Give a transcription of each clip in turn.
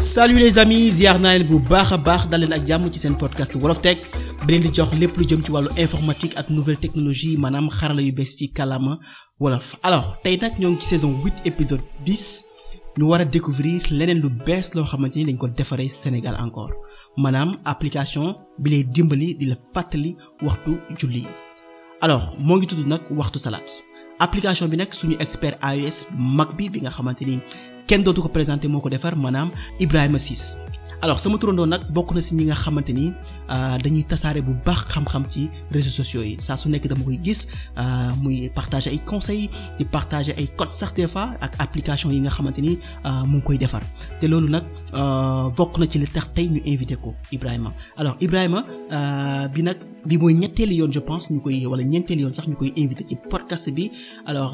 salut les amis ziar naa bu baax a baax daleen leen ak jàmm ci seen podcast Wolof Tech bi leen di jox lépp lu jëm ci wàllu informatique ak nouvelle technologie maanaam xarala yu bees ci kàllaama wolof. alors tey nag ñoo ngi ci saison 8 épisode 10 ñu war a découvrir leneen lu bees loo xamante ni dañ ko defaree Sénégal encore maanaam application bi lay dimbali di la fàttali waxtu julli alors moo ngi tudd nag waxtu salaat application bi nag suñu expert iOS mag bi bi nga xamante ni kenn dootu ko présenté moo ko defar maanaam Ibrahima Ciss alors sama turandoo nag bokk na si ñi nga xamante ni ah, dañuy tasaare bu baax xam-xam ci réseaux sociaux yi saa su nekk dama koy gis ah, muy partager ay conseils di partager ay codes sax des ak application yi nga xamante ni ah, mu ngi koy defar te loolu nag bokk na ci li tax tey ñu invité ko Ibrahima alors Ibrahima bi nag bi mooy ñetteelu yoon je pense ñu koy wala ñeenteelu yoon sax ñu koy invité ci podcast bi alors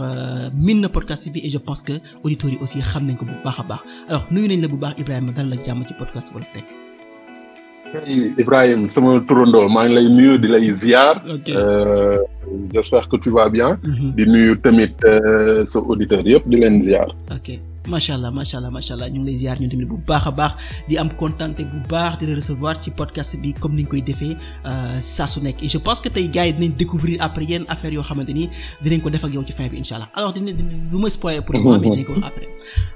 min na podcast bi et je pense que auditeurs yi aussi nañ ko bu baax a baax alors nuyu nañ la bu foo Ibrahim sama turandoo maa ngi lay nuyu di lay ziar. Euh, j'espère que tu vas bien. Mhm. di nuyu tamit euh, sa auditeurs yëpp di leen ziar. macha allah macha allah macha allah ñu ngi lay ziar ñun tamit bu baax a baax di am contenté bu baax di la ci podcast bi comme ni ñu koy defee euh, saa su nekk et je pense que tey gars yi dinañ découvrir après yenn affaires yoo xamante ni dinañ ko def ak yow ci fin bi incha allah alors du ma spoiler pour le moment mais dinañ ko wax après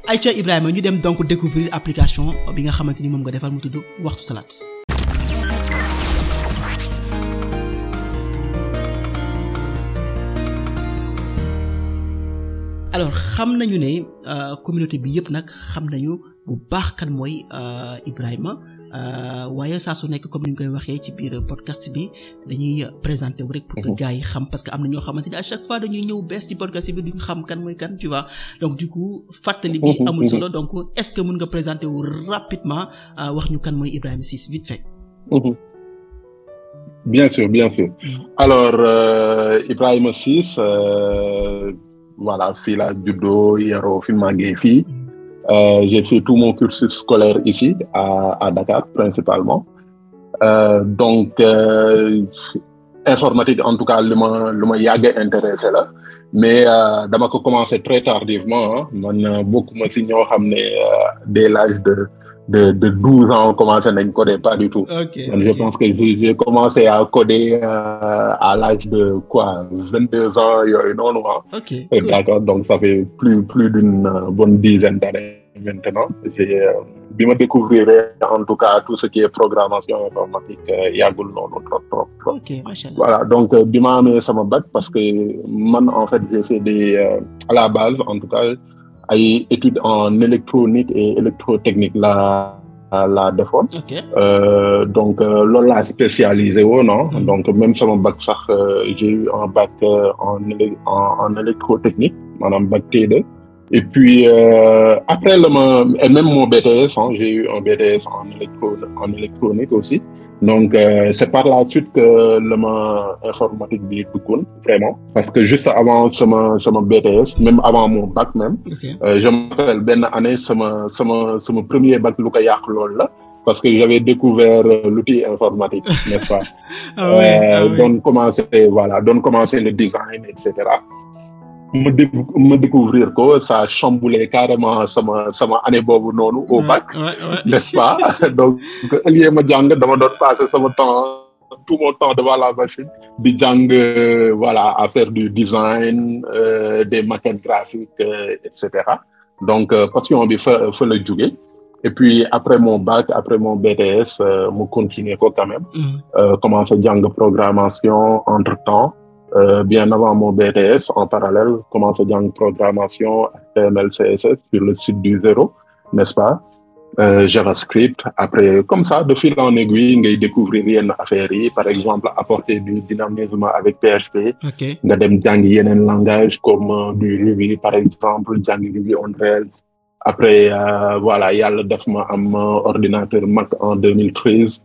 Aïcha Ibrahima ñu dem donc découvrir application bi nga xamante ni moom nga defal mu tudd waxtu salaat. alors xam nañu ne euh, communauté bi yëpp nag xam nañu bu baax kan mooy euh, Ibrahima euh, waaye saa su nekk comme ni ñu koy waxee ci biir podcast bi dañuy présenté wu rek. pour que mhm. gars yi xam parce que am na ñoo xamante ni à chaque fois dañuy ñëw bees ci podcast bi duñ xam kan mooy kan tu vois donc du coup fàttali bi mhm. amul solo mhm. donc est-ce que mën nga présenté wu rapidement wax ñu kan mooy Ibrahima Ciss vite fait. bien sûr bien sûr alors euh, Ibrahima voilà fii laa juddoo yaroo fi màggee fii euh, j'ai fait tout mon cursus scolaire ici à à Dakar principalement euh, donc euh, informatique en tout cas lu ma lu ma yàgg intéressé la mais euh, dama ko commencé très tardivement man bokk ma si ñoo xam ne dès l'âge de de douze ans commencé nañ coder pas du tout. je pense que j'ai commencé à coder euh, à l'âge de quoi vingt deux ans yooyu noonu ah. ok cool. d'accord donc ça fait plus d'une euh, bonne dizaine d'années maintenant j'ai euh, bi ma découvrir en tout cas tout ce qui est programmation informatique euh, yàggul noonu trop trop trop. ok voilà donc bi ma amee sama parce que man en fait j'ai fait à la base en tout cas. ay études en électronique et électrotechnique la la defoon. Euh, donc euh, loolu laa spécialisé woon non hmm. donc même sama bac sax euh, j'ai eu un bac en en en électrotechnique maanaam bac t et puis après la mon BTS j'ai eu un BTS en électronique aussi. donc euh, c'est par la suite que la ma informatique bi duggoon vraiment parce que juste avant sama sama BTS même avant mon bac même euh, je me rappelle benn année sama sama sama premier bac lu ko yàq loolu la parce que j'avais découvert euh, l'outil informatique n'est-ce pas ah euh, ah commencer voilà doon commencer le design et cetera ma dé ma découvrir ko ça chamboulé carrément sama sama année boobu noonu o bac n'est-ce pas donc lieu ma jàng dama doon passer sama temps tout mon temps devant la machine di jàng euh, voilà à faire du design euh, des maquettes graphiques euh, et cetera donc euh, passion bi fa fa la jóge et puis après mon bak après mon BTS euh, mu continuer ko quand même mm. commencer jàng programmation entre temps Euh, bien avant mon BTS, en parallèle, commencé jàng programmation HTML, sur le site du Zéro, n'est-ce pas? Euh, JavaScript après comme ça de fil en aiguille ngay découvrir yenn affaires yi par exemple apporter du dynamisme avec PHP. nga dem jàng yenen langage comme euh, du Ruby par exemple jàng Ruby on Rails. après euh, voilà yàlla def ma am euh, ordinateur Mac en 2013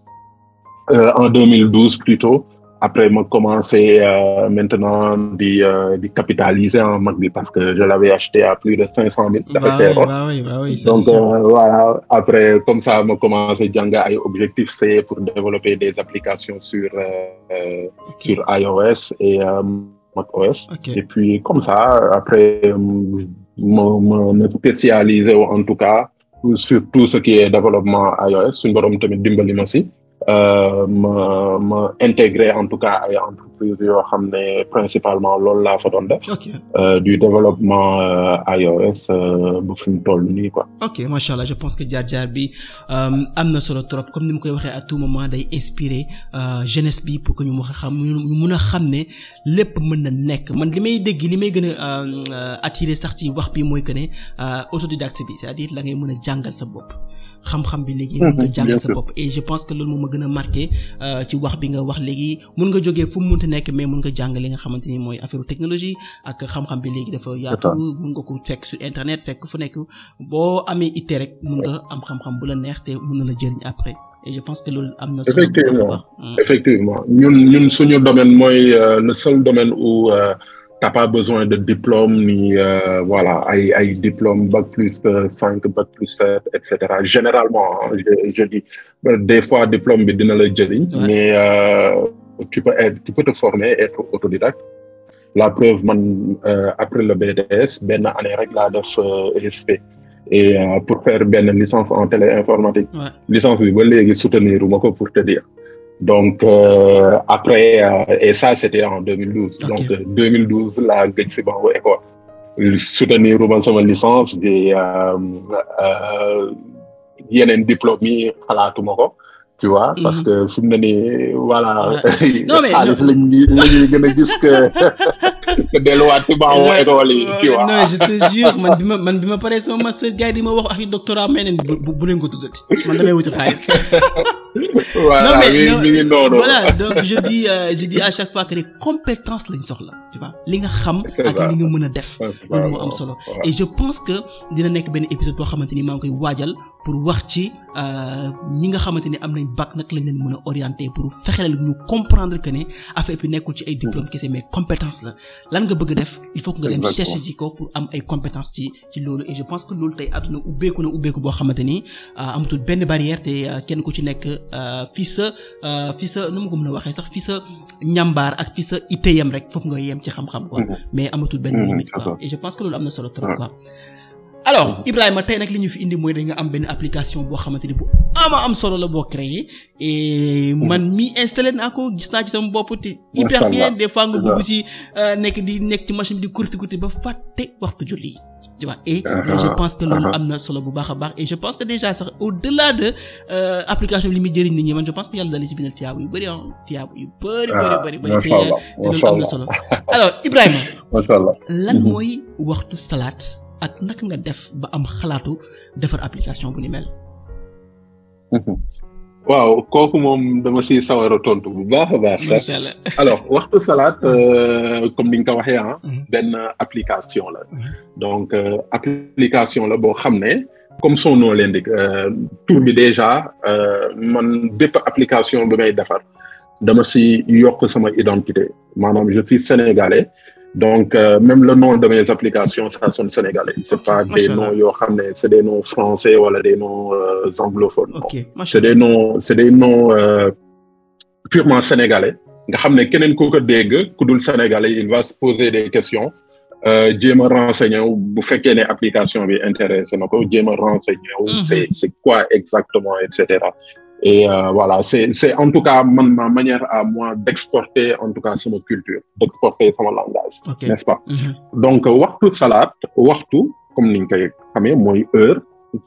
en 2012 plutôt. après ma commencé euh, maintenant di euh, di capitaliser en mag bi parce que je l'avais acheté à plus de cinq cent mille bah donc euh, après comme ça ma commencé jàng ay objectif C pour développer des applications sur euh, okay. iOS et euh, macOS et puis comme ça après ma ma spécialisé en tout cas sur tout ce qui est développement iOS suñu borom tamit dimbali ma si Euh, ma ma intégré en tout cas ay entreprise yoo xam ne principalement loolu laa fa doon def. Euh, du développement euh, iOS ba fi mu toll nii ko ok macha je pense que jaar-jaar bi am na solo trop comme ni mu koy waxee à tout moment day inspiré jeunesse bi pour que ñu mën a xam ñu mën a xam ne lépp mën na nekk man li may dégg li may gën a attiré sax ci wax bi mooy que ne autodidacte bi c'est-à-dire la ngay mën a jàngal sa bopp. xam-xam bi léegi mën mhm, nga jàngal sa bopp et je pense que loolu moom ma gën a marqué euh, ci wax bi nga wax léegi mun nga jógee fu mu munti nekk mais mun nga jàng li nga xamante ni mooy affaire technologie ak xam-xam bi léegi dafa yaatu mun nga ko fekk sur internet fekk fu nekk boo amee ittee rek mun nga am xam-xam bu la neex te mun na la jëriñ après et je pense que loolu am na solo effectivement mm. effectivement ñun suñu domaine mooy euh, le seul domaine où euh, t'as pas besoin de diplôme ni euh, voilà ay ay diplôme bac plus cinq bac sept et cetera généralement je, dis euh, des fois diplôme bi dina la jëriñ. mais euh, tu peux être tu peux te la preuve man euh, après le BTS benn année rek laa def euh, et pour faire benn licence en téléinformatique. Ouais. licence bi ba léegi soutenir ma ko pour te dire. donc euh, après euh, et ça c'était en 2012 okay. donc 2012 euh, laa gëj si boobu école soutenir uma sama licence di euh, yeneen diplôme yi xalaatuma ko tu mhm. parce que fi mu ne nii voilà. non mais xaalis lañ lañuy gën a gis que que delluwaat si banc école yi. tu vois non je man bi ma man bi ma paree sama master doctorat may neen bu bu leen ko tuddati man damay wuti xaalis. voilà mi ngi voilà donc je dis euh, je dis à chaque fois que ne compétence lañ soxla tu li nga xam ak li nga mën a def loolu moo am solo et je pense que dina nekk benn épisode boo xamante ni maa ngi koy waajal pour wax ci euh, ñi nga xamante ni am nañ bac nag lañ leen mën a orienter pour fexeel ñu comprendre que ne affaire bi nekkul ci ay diplôme kese mais compétence la lan nga bëgg def il faut que nga dem chercher ci ko pour am ay compétence ci ci loolu et je pense que loolu tey àdduna ubbeeku na ubbeeku boo xamante ni euh, amatul benn barrière euh, kenn ku ci nekk Euh, fi sa euh, fi sa nu mu ko mën a waxee sax fi sa ñambaar ak fi sa itte yem rek foofu nga yem ci xam-xam quoi mm-hmm. mais amatul benn mm-hmm, limite quoi que am na solo trop mm-hmm. quoi alors Ibrahima tey nag li ñu fi indi mooy dañ am benn application boo xamante ni bu ama am solo la boo créé man mi installé naa ko gis naa ci sama bopp te hyper bien des fois nga dugg ci euh, nekk di nekk ci machine bi di kurti kurti ba fàtte waxtu julli yi tu vois et je uh-huh. pense que loolu uh-huh. am na solo bu baax a baax et je pense que déjà sax au-delà de euh, application bi li muy jëriñ nit ñi man je pense que yàlla dali si bindal tiyaabu yu bëri ah tiyaabu yu bëri bëri bëri bëri te loolu am na solo alors Ibrahima lan mm-hmm. mooy waxtu salaat ak naka nga def ba am xalaatu defar application bu ni mel mm-hmm. waaw kooku moom dama si sawar a tontu bu baax a baax sax alors waxtu salaat mm-hmm. euh, comme ni nga ko waxee ah benn application la donc euh, application la boo xam ne comme son nom l'indique euh, tour bi déjà euh, man bépp application bi may defar dama si yokk sama identité maanaam je suis sénégalais donc euh, même le nom de mes applications ça sonne sénégalais c'est pas des noms yoo xam ne c'est des noms français wala des noms euh, anglophones okay. c'est des noms c'est des noms euh, purement sénégalais nga xam ne keneen ku ko dégg ku dul sénégalais il va se poser des questions Euh, jéem a renseigné bu fekkee ne application bi intéressé na ko jéem a renseigné mhm. c'est quoi exactement et et euh, voilà c'est en tout cas man ma manière à moi d'exporter en tout cas sama culture d'exporter sama langage okay. n'est-ce pas mhm. donc waxtu salaat waxtu comme ni nga koy xamee mooy heure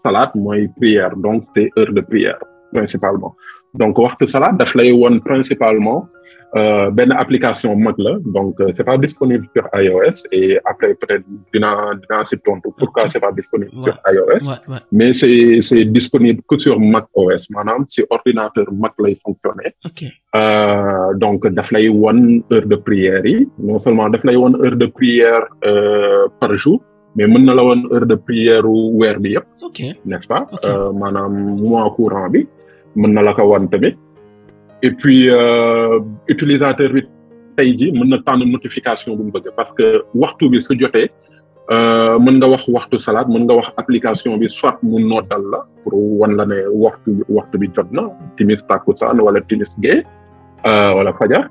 salaat mooy prière donc c'est heure de prière principalement donc waxtu salaat daf lay won principalement Euh, benn application mag la donc euh, c'est pas disponible sur iOS et après peut-être dinaa dinaa tontu pourquoi c'est pas disponible sur iOS mais c'est c'est disponible que sur mag OS maanaam si ordinateur mag lay fonctionner euh, donc daf lay wan heure de prière yi non seulement daf lay wan heure de prière par jour mais mën na la woon heure de prière weer bi yëpp n'est-ce pas maanaam mois courant bi mën na la ko wan tamit et puis euh, utilisateur bi tey mën na tànn notification bu mu parce que waxtu bi su jotee euh, mën nga wax waxtu salaat mën nga wax application bi soit mu nootal la pour wan la ne waxtu waxtu bi jot na timis takusaan wala timis gee euh, wala fajar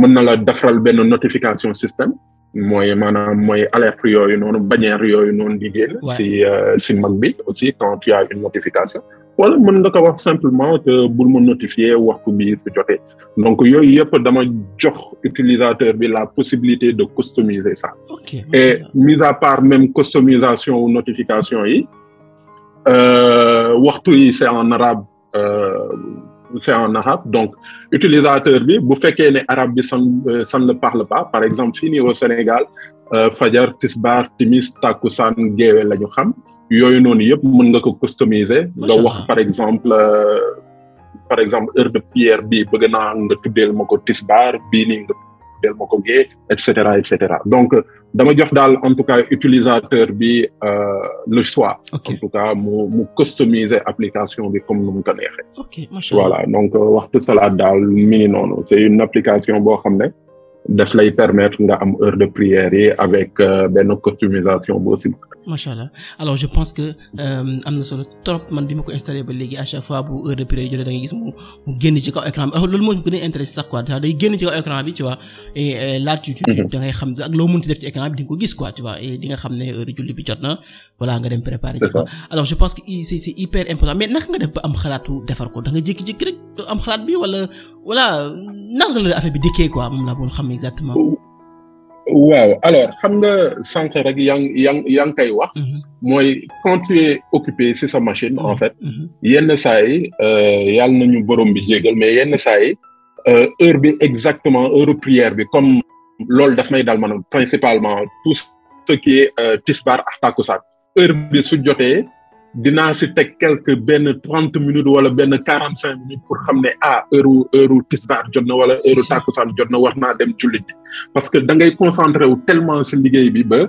mën na la defaral benn notification système mooy maanaam mooy alerte yooyu noonu bannière yooyu noonu di génn si si mag bi aussi quand tu as une notification wala mën nga ko wax simplement que bul ma notifier waxtu bi su jotee donc yooyu yëpp dama jox utilisateur bi la possibilité de customiser ça. Okay, et mis à part même customisation ou notification yi euh, waxtu yi c'est en arabe euh, c'est en donc utilisateur bi bu fekkee ne arabe bi ça ça euh, ne parle pas par exemple fii nii Sénégal euh, fajar tisbaar timis takkusaan géewe la ñu xam. yooyu noonu yëpp mën nga ko customiser nga wax par exemple euh, par exemple heure de pierre bii bëgg naa nga tuddeel ma ko tisbaar bii nii nga tuddeel ma ko gée et cetera et cetera donc euh, dama jox daal en tout cas utilisateur bi euh, le choix en tout cas mu mu customiser application bi comme nu mu ko neexee voilà donc waxtu salaat daal mi ngi noonu c'est une application boo xam ne daf lay permettre nga am heure de prière yi avec euh, benn customisation boo si. macha allah alors je pense que euh, am na solo trop man bi ma ko installé ba léegi à chaque fois bu heure de prière yi jotee da bi loolu moo gën a euh, mhm. ak loo mën ti def ci écran bi di ko gis quoi di nga xam ne heure julli bi jot na voilà nga dem préparer ci ko alors je pense que c'est c'est hyper important mais naka nga def ba am xalaatu defar ko da nga jékki rek am xalaat bi wala wala naka waaw alors xam nga sànq rek yaa yang yaa ngi koy wax. Mhm. mooy quand tu es si sa machine en mhm. fait. Mhm. yenn saa yi euh, yàlla nañu borom bi jégal mais yenn saa yi euh, heure bi exactement heure prière bi comme loolu daf may dal maanaam principalement tout ce qui euh, tisbaar ak takkusaan heure bi su jotee. dinaa si teg quelque benn trente minutes wala benn quarante cinq minutes pour xam ne ah heure heure tisbaar jot na wala heure tàkkusaan jot na war naa dem julli ji parce que da ngay concentré wu tellement si liggéey bi ba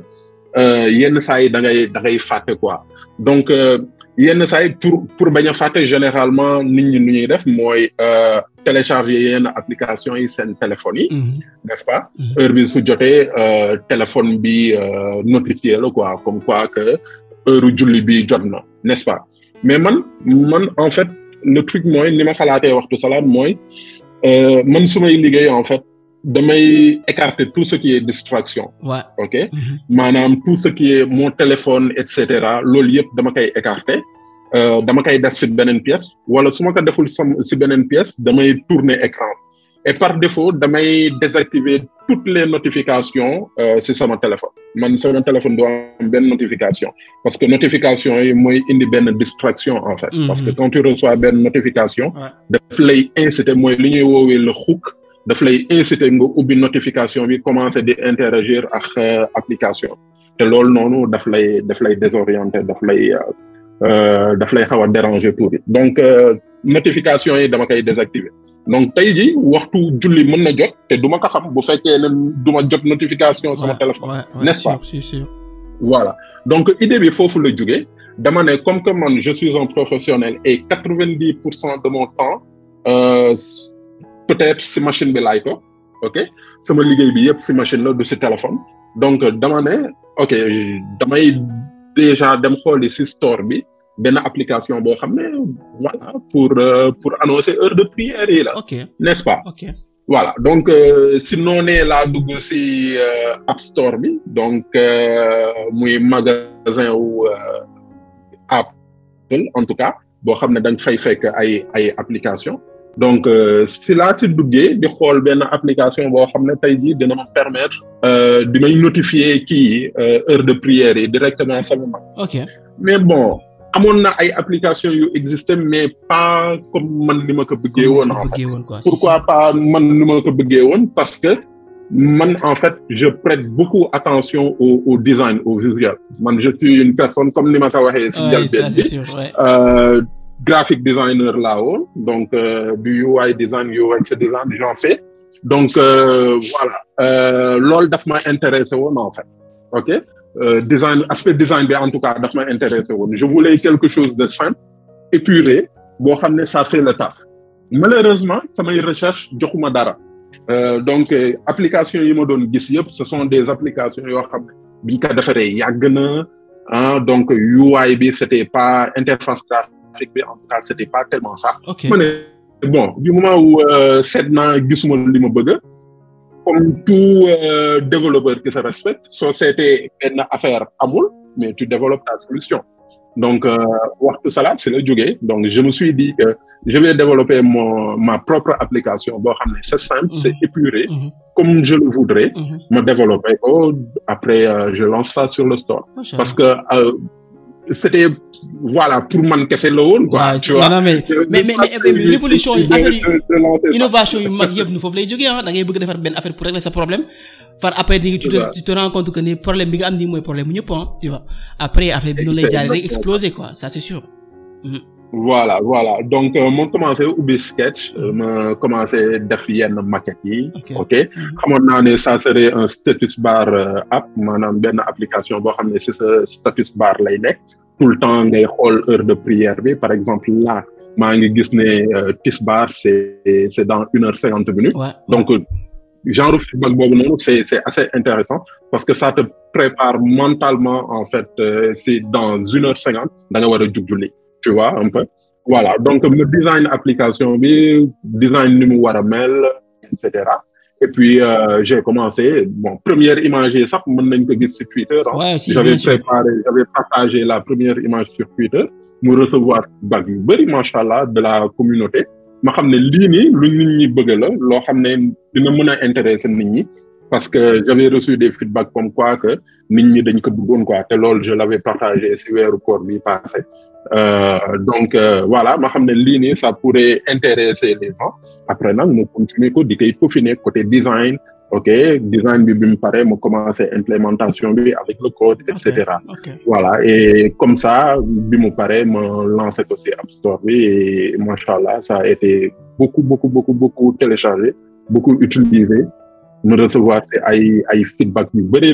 euh, yenn saa yi da ngay da fàtte quoi donc euh, yenn saa yi pour pour bañ a fàtte généralement nit ñi nu ñuy def mooy euh, télécharger yenn application yi seen téléphone yi mhm. n'est-ce pas mhm. heure bi su jotee téléphone bi notifié la quoi comme quoi que heure julli bi jot na n'est-ce pas mais man man en fait le truc mooy ni ma xalaatee waxtu salaat mooy euh, man su may liggéey en fait damay écarter tout ce qui est distraction ouais. ok mm-hmm. maanaam -hmm. tout ce qui est mon téléphone et cetera loolu yëpp dama koy écarter euh, dama koy def si beneen pièce wala su ma ko deful sam si beneen pièce damay tourner écran et par défaut damay désactiver toutes les notifications euh, si sama téléphone man sama téléphone doo am benn notification parce que notification yi mooy indi benn distraction en fait. Mhm. que quand tu reçois benn notification. daf lay inciter mooy li ñuy woowee le hook daf lay inciter nga ubbi notification bi commencer di interagir ak euh, application te loolu noonu daf lay daf lay désorienter daf lay. Euh, euh, daf lay xaw a déranger tuuti donc euh, yi dama koy désactiver donc tey ji waxtu julli mën na jot te duma ma ko xam bu fekkee ne du ma jot notification sama téléphone nest pas si voilà donc idée bi foofu la jóge dama ne comme que man je suis un professionnel et quatre-vingt-dix pour cent de mon temps euh, peut-être si machine bi laay toog ok sama liggéey bi yëpp si machine la du si téléphone donc dama ne ok damay déjà dem xooli si store bi benn application boo xam ne voilà pour euh, pour annoncer heure de prière yi la. ok n'est-ce pas. ok voilà donc euh, si noonee la dugg si euh, App Store bi donc muy magasin wu Apple en tout cas boo xam ne da fay fekk ay ay application donc si laa si duggee di xool benn application boo xam ne tey jii dina ma permettre. di may notifier kii heure de prière yi directement sama mag. ok mais bon. amoon na ay application yu existé mais pas comme man ni ma ko bëggee woon en fait pourquoi pas man ni ma ko bëggee woon parce que man en fait je prête beaucoup attention au au design au visuel man je suis une personne comme ni ma sa waxee si njëlbeen bi euh, graphic designer laa woon donc euh, du UI design UX design j'en fais donc euh, voilà euh, loolu daf ma intéressé woon en fait ok euh, design aspect design bi en tout cas daf ma intéressé woon je voulais quelque chose de simple épuré boo xam ne ça fait le taf malheureusement samay recherche joxuma dara euh, donc euh, application yi ma doon gis yëpp ce sont des applications yoo xam ne biñ ko defaree yàgg na ah, donc UI bi c'était pas interface graphique bi en tout cas c'était pas tellement sax ok ma bon du moment où euh, seet naa gisuma li ma bëgg. comme tout euh, qui se respecte soo seetee benn affaire amul mais tu développes ta solution donc euh, waxtu salade si la jógee donc je me suis dit que je vais développer ma propre application c'est simple c'est mhm. épuré mhm. comme je le voudrais mhm. ma développer ko après euh, je lance sur le store parce que euh, c'était voilà pour man kese la woon. quoi tu vois non mais euh, mais mais révolution yi affaire innovation yu mag yëpp ñu foofu lay jógee ah da ngay bëgg defar benn affaire pour régler sa problème far après di tu te tu te rends compte que ni problème bi nga am nii mooy problème mu ñëpp ah après affaire bi noonu lay jaaree day exploser quoi ça c'est voilà voilà donc euh, ma commencé ubbi sketch euh, ma commencé def yenn maquette yi. ok mhm. xamoon naa ne ça serait un status bar euh, app maanaam benn application boo xam ne ci sa status bar lay nekk tout le temps ngay xool heure de prière bi par exemple là maa ngi gis ne tisbar c'est c'est dans une heure cinquante minutes. donc genre feedback boobu noonu c'est c'est assez intéressant parce que ça te prépare mentalement en fait c'est dans une heure cinquante danga nga war a jug tu vois un peu voilà donc mu design application bi design ni mu war a mel et cetera et puis euh, j'ai commencé bon première image yi sax mën nañ ko gis sur Twitter. Ouais, si, j'avais préparé j'avais partagé la première image sur Twitter mu recevoir bag yu bëri macha allah de la communauté ma xam ne li nii lu nit ñi bëgg la loo xam ne dina mën a intéresser nit ñi parce que j'avais reçu des feedbacks comme quoi que nit ñi dañ ko bëggoon quoi te loolu je l'avais partagé si weeru koor bi Euh, donc euh, voilà ma xam ne lii ni ça pourrait intéresser les gens après nag mu continuer ko di koy peaufiner côté design ok design bi bi mu pare mu commencer implémentation bi avec le code et cetera okay. voilà et comme ça bi mu pare ma lancer ko ci App Store bi et macha allah ça a été beaucoup beaucoup beaucoup beaucoup téléchargé beaucoup utilisé mu recevoir ci ay ay feedback yu bëri.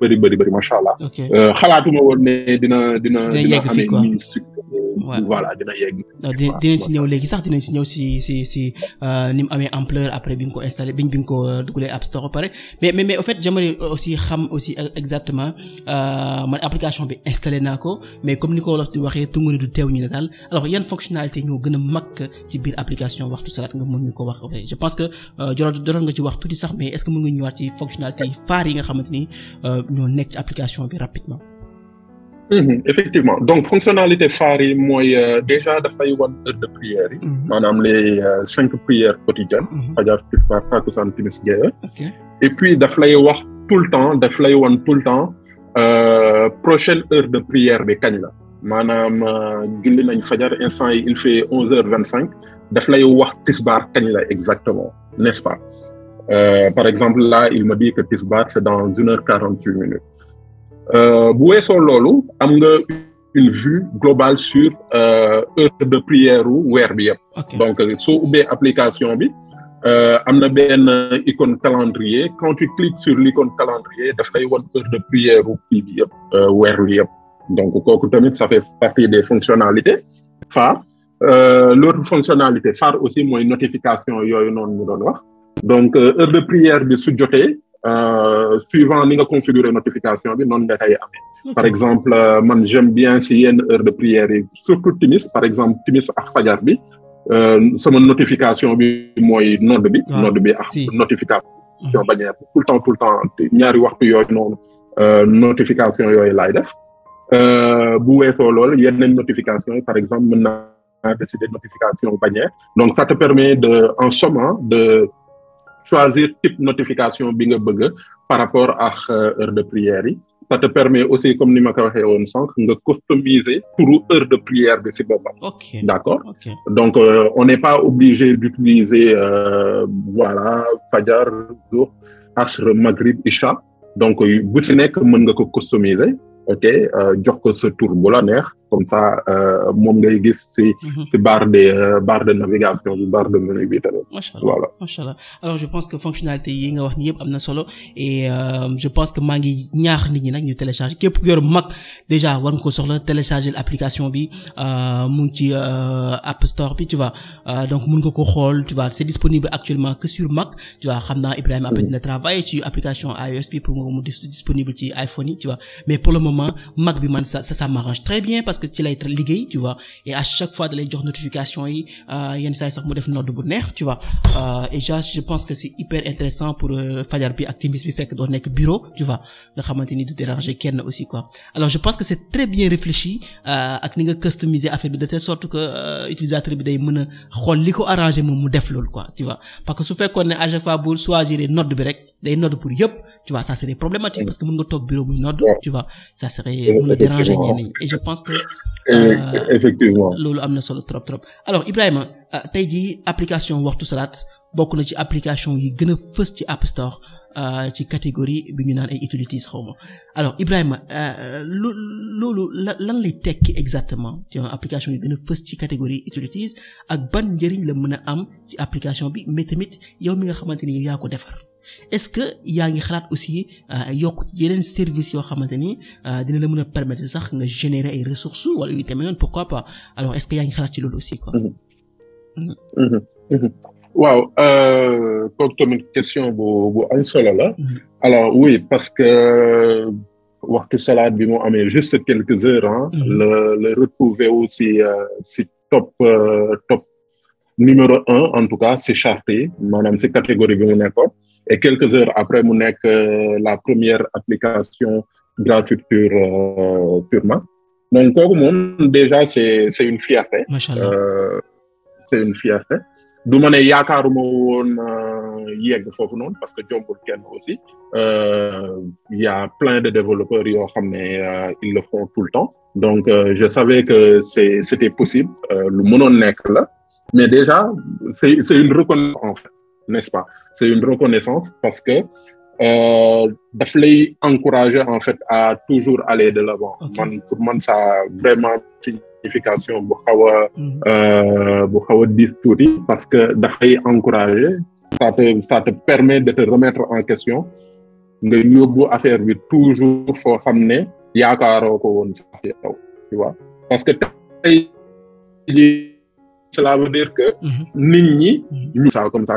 bëri bëri bëri macha allah. Euh, xalaatuma woon ne dina dina. dina yegg fi quoi euh, voilà dina yegg. dina dinañ si ñëw léegi sax dinañ si ñëw si si si euh, ni mu amee ampleur après bi nga ko installé bi nga ko dugalee App Store pare mais mais mais au fait j'aimerais aussi xam aussi e-, exactement man application bi installé naa ko mais comme ni ko wolof di waxee tungu du teew ñu ne daal alors yan fonctionnalité ñoo gën a mag ci biir application waxtu salaat nga mën ñu ko wax je pense que joroon nga ci wax tuuti sax mais est-ce que mën nga ci fonctionnalité phare yi nga ñoo nekk ci application bi rapidement. Mhm, effectivement donc fonctionnalité phare yi mooy euh, déjà dafay wan heure de prière yi. Mhm. maanaam les euh, cinq prières quotidiennes. Mhm. fajar tisbaar takkusaan timis et puis daf lay wax tout le temps daf lay wan tout le temps euh, prochaine heure de prière bi kañ la maanaam julli nañ fajar instant yi il fait onze heures vingt cinq daf lay wax tisbaar kañ la exactement n'est-ce pas. Euh, par exemple là il me dit que Tisbar c'est dans une heure quarante-huit minutes euh, bu weesoo loolu am nga une vue globale sur euh, heure de prière u weer bi yëpp. donc euh, soo ubbee application bi am na benn icône calendrier quand tu cliques sur l'icône calendrier daf lay won heure de prière u kii bi yëpp donc kooku tamit ça fait partie des fonctionnalités phares euh, l'autre fonctionnalité phare aussi mooy notification yooyu noonu ñu donc euh, heure de prière bi su jotee euh, suivant ni nga configurer notification bi noonu nga koy amee. par exemple euh, man j'aime bien si yenn heure de prière yi surtout timis par exemple timis ak fajar bi sama notification bi mooy nodd bi. Ah, nodd bi ak notification. yoo mm-hmm. bañ tout temps tout temps ñaari waxtu yooy noonu notification yooyu laay def bu weesoo lool yeneen notification yi par exemple mën naa décider notification bannière donc ça te permet de en somme de choisir type notification bi nga bëgg par rapport ak euh, heure de prière yi ça te permet aussi comme ni ma ko waxee woon sànq nga customiser pour heure de prière bi si boppam. ok d'accord okay. donc euh, on n'est pas obligé d'utiliser euh, voilà fajar zuhr asr maghrib isha donc euh, bu si nekk mën nga ko customiser ok euh, jox ko sa tour bu la neex. comme ça euh, moom ngay gis ci mhm. ci barre de euh, barre de navigation bi barre de menu pense que fonctionnalité yi nga ni yëpp na solo et euh, je pense que maa ngi ñaax nit ñi nag ñu télécharger ko soxla bi mu ci App Store bi tu vois donc mun nga ko xool tu vois c'est disponible actuellement que sur Mac tu vois xam naa Ibrahima après mhm. dina travailler ci application iOS bi mais pour le moment Mac bi man sa ça m'arrange très bien parce ci lay liggéey tu vois et à chaque fois da lay jox notification yi euh, yenn saa yi sax mu def nodd bu neex tu vois euh, et ja hyper intéressant pour euh, fajar bi ak timis bi fekk doo nekk bureau tu vois nga xamante ni du déranger kenn aussi quoi alors je pense que c'est très bien réfléchi ak ni nga customiser affaire bi de telle sorte que utilisateur bi day mën a xool li ko arranger moom mu def loolu quoi tu vois parce que su fekkoon ne à chaque fois bu choisir ci vois ça serait problématique parce que mën nga toog bureau muy nodd tu vois ça serait mën a déranger ñenn ñi et je pense que euh, effectivement loolu am na solo trop trop alors Ibrahima euh, tey jii application waxtu salaat bokk na ci application yi gën a fës ci App Store euh, ci catégorie bi ñu naan ay utilities xaw ma alors Ibrahima lu loolu lan lay tekki exactement ci application yi gën fës ci catégorie utilities ak ban njëriñ la mën a am ci application bi mais tamit yow mi nga xamante ni yaa ko defar est-ce que yaa ngi xalaat aussi euh, yokk ci yeneen service yoo xamante ni euh, dina la mën a permettre sax nga générer ay ressources wala yu demee pourquoi pas alors est-ce que yaa ngi xalaat ci loolu aussi quoi. Mm-hmm. Mm-hmm. Mm-hmm. waaw euh, kooku question bu bu am solo la. alors oui parce que waxtu salaat bi mu amee juste quelques heures ah. le retrouver aussi si top top numéro un en tout cas si charte yi maanaam si catégorie bi mu nekkoon. et quelques heures après mu nekk euh, la première application gratuite pure euh, purement donc kooku moom déjà c'est une fierté euh, une fierté du ma ne yaakaaruma yegg foofu noonu parce que jombul kenn aussi euh, il y a plein de développeurs yoo xam ne ils le font tout le temps donc euh, je savais que c'est c'était possible lu mënoon nekk la mais déjà c'est c'est une reconnaissance n'est-ce pas c'est une reconnaissance parce que euh, daf lay encourager en fait à toujours aller de l'avant man pour man sa vraiment signification bu xaw a mhm. euh, bu xaw a diis tuuti parce que dafay encourager ça te ça te permet de te remettre en question nga yóbbu affaire bi toujours foo xam ne yaakaaroo ko woon sax yow tu vois parce que tey jii cela veut dire que mhm. nit ñi mhm. ñu saa comme ça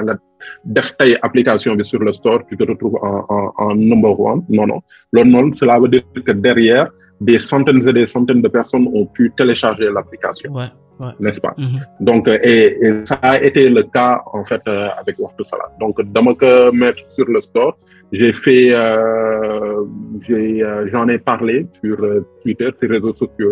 def tey application bi sur le store tu te retrouves en en en number one non non loolu cela veut dire que derrière des centaines et des centaines de personnes ont pu télécharger l'application ouais. Ouais. n'est-ce pas mm donc euh, et, et a été le cas en fait euh, avec Waxtu Salade donc dama ko mettre sur le store j'ai fait euh, j'ai euh, j'en ai parlé sur euh, Twitter sur réseaux sociaux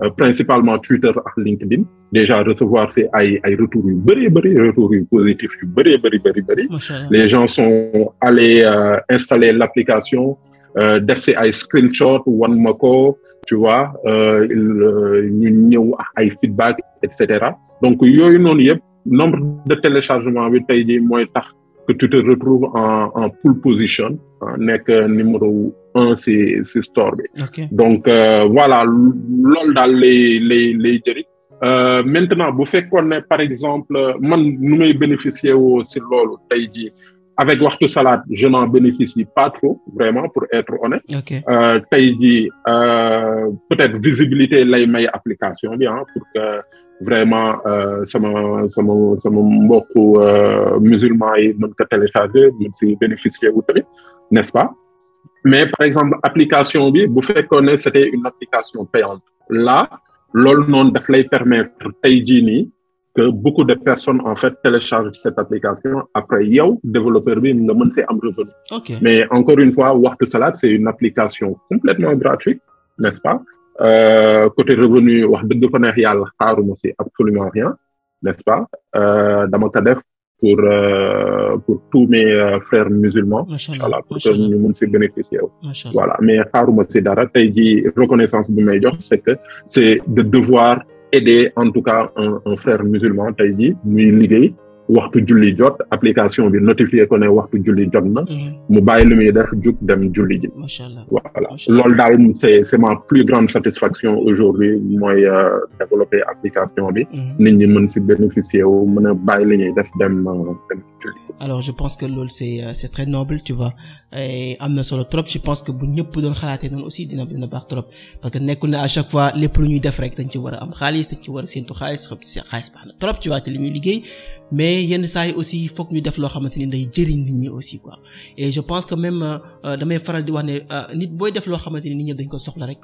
Euh, principalement Twitter ak LinkedIn déjà recevoir c'est ay ay retours yu bëree bëri retour yu positifs yu bëree bëri bëri bëri les gens sont allés euh, installer l'application euh, def si ay screenshot wan ma ko tu vois euh, euh, ñu ñëw ak ay feedback et cetera donc yooyu noonu yëpp nombre de téléchargement bi tey jii mooy tax que tu te retrouves en en pole position nekk numéro un si si store bi. Okay. donc euh, voilà loolu daal lay lay lay jëriñ. Euh, maintenant bu fekkoon ne par exemple man nu may bénéficier woo si loolu tey jii avec waxtu salaat je n'en bénéficie pas trop vraiment pour être honnête. Okay. Euh, tey jii euh, peut-être visibilité lay may application bi ah pour que. vraiment sama sama sama mbokku musulman yi mën ko télécharger mën si bénéficier wu n'est-ce pas mais par exemple application bi bu fekkoon ne c'était une application payante là loolu noonu daf lay permettre tey jii nii que beaucoup de personnes en fait téléchargent cette application après yow développeur bi nga mën see am revenu okay. mais encore une fois Waxtu Salaat c'est une application complètement gratuite n'est-ce pas euh, côté revenu wax dëgg fa neex yàlla xaaruma si absolument rien n'est-ce pas euh, dama ko def pour euh, pour tous mes euh, frères musulmans. voilà pour que ñu mun si bénéficier voilà mais xaaruma si dara tey jii reconnaissance bu may jox c'est que c'est de devoir aider en tout cas un un frère musulman tey jii muy liggéey. waxtu julli jot application bi notifié ko ne waxtu julli jot na. Mm. mu bàyyi lu muy def jug dem julli ji. macha allah voilà loolu daal c'est c'est ma plus grande satisfaction aujourd'hui mooy euh, développer application bi. Mm. nit ñi mën si bénéficier wu mën a bàyyi li ñuy def dem euh, alors je pense que loolu c'est euh, c'est très noble tu vois et am na solo trop je pense que bu ñëpp doon xalaatee noonu aussi dina dina baax trop parce que nekkul na à chaque lépp lu ñuy def a am xaalis dañ a séntu xaalis xaalis baax na trop tu vois ci li ñuy liggéey mais yenn saa yi aussi fokk ñu def loo xamante ni day jëriñ nit ñi aussi quoi et je pense que même euh, damay faral di wax ne euh, nit booy def loo xamante ni nit ñi dañ ko soxla rek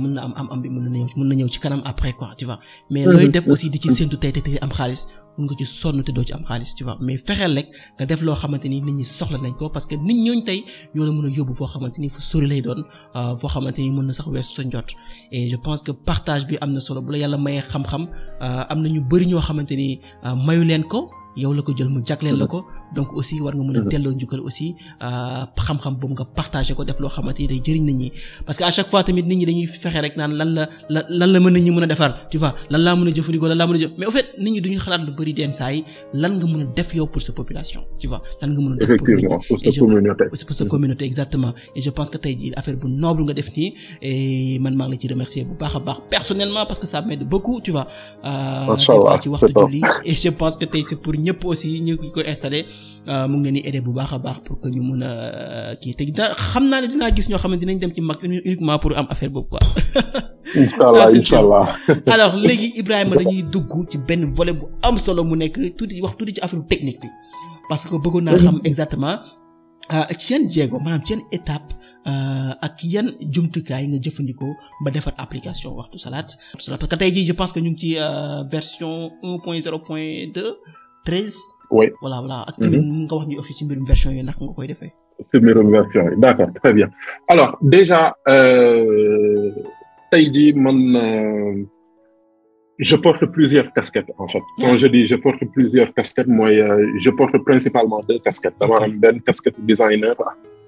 mën na am am am bi mën na ñëw ci kanam après quoi tu vois mais mmh looy def aussi di ci séntu tey xaalis mun nga ci sonn te doo ci am xaalis tu vois mais fexeel rek nga def loo xamante ni nit ñi soxla nañ ko parce que nit ñooñu tey ñoo la mën a yóbbu foo xamante ni fu sori lay doon euh, foo xamante ni mën na sax weesu sa njot je pense que partage bi am na solo bu la yàlla mayee xam-xam euh, am na ñu bari ñoo xamante ni euh, mayu leen ko. yow la ko jël mu jagleel la ko donc aussi war nga mën a delloo njukkal aussi euh, xam-xam boobu nga partagé ko def loo xamante ni day jëriñ nit ñi parce que à chaque fois tamit nit ñi dañuy fexe rek naan lan la mën nit mën a defar lan laa mën a jëfandikoo lan laa mën a jëf mais pour sa population pour sa communauté exactement et je pense que tey jii affaire bu noble nga def nii man maa ngi ci remercier bu baax a baax personnellement parce que ça m'aide beaucoup ñëpp aussi ñu koy installé euh, mu ngi leen di bu baax a baax pour que ñu mun a euh, kii te xam naa ne dinaa gis ñoo xam ne dinañ dem ci mag uniquement pour am affaire boobu quoi. incha allah incha léegi Ibrahima dañuy dugg ci benn volet bu am solo mu nekk tuuti wax tuuti ci affaire technique bi parce que bëggoon naa xam exactement euh, ci yan jéego maanaam ci yan étape. ak yan jumtukaay nga jëfandikoo ba defar application waxtu salaat. parce que tey jii je pense que ñu ngi ci version un point treize. oui voilà mhm. wax ñu aussi ci version yi naka nga koy defee. ci mbirum version yi d'accord très bien alors déjà euh, tey jii man euh, je porte plusieurs casquettes en fait. quand je dis je porte plusieurs casquettes mooy euh, je porte principalement deux casquettes. dama am benn casquette designer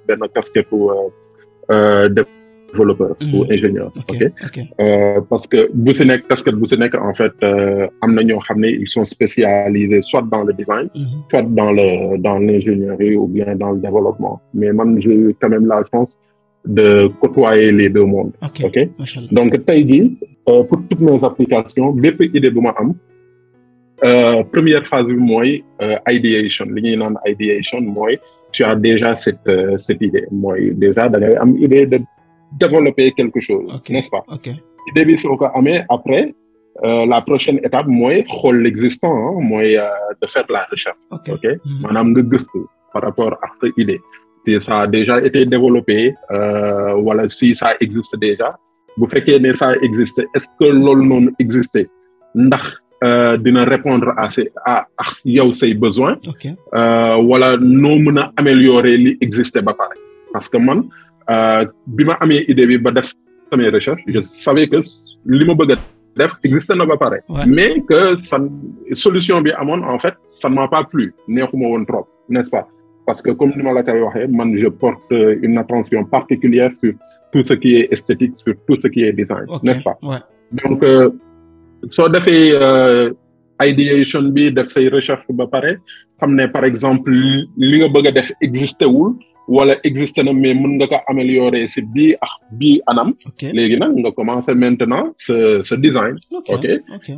benn casquette euh, de. développeur mmh. ou mm-hmm. ingénieur ok, okay. okay. Euh, parce que bu si nekk casquette bu si nekk en fait euh, am na ñoo xam ne ils sont spécialisés soit dans le design mmh. soit dans le dans l'ingénierie ou dans le développement mais man j'ai eu quand même la chance de côtoyer les deux mondes ok, okay? donc tey jii euh, pour toutes mes applications bépp idée bu ma am euh, première phase bi mooy euh, ideation li ñuy naan ideation mooy tu as déjà cette euh, cette idée mooy déjà da ngay am idée de développer quelque chose okay. n'est-ce pas idée bi soo amee après euh, la prochaine étape mooy xool l'existant mooy euh, de faire la recherche ok mhm. maanaam nga gëstu par rapport ak sa idée si ça a déjà été développé euh, wala euh, voilà, si ça existe déjà bu fekkee ne ça existe est-ce que loolu noonu existe ndax Euh, dina répondre à ses à yow say besoins. wala okay. euh, noo mën a améliorer li exister ba pare parce que man Euh, bi ma amee idée bi ba def samay recherche je savais que li ma bëgg a def existé na ba pare. mais que ça solution bi amoon en fait ça ne m'a pas plu neexuma woon trop n'est-ce pas. parce que comme ni ma la koy waxee man je porte une attention particulière sur tout ce qui est esthétique sur tout ce qui est design. Okay. n'est-ce pas donc euh, soo defee euh, idéation bi def say recherche ba pare xam ne par exemple li nga bëgg a def existé wul. wala existé na mais mën nga ko améliorer si bii ak bii anam. léegi nag nga commencé maintenant sa sa design. ok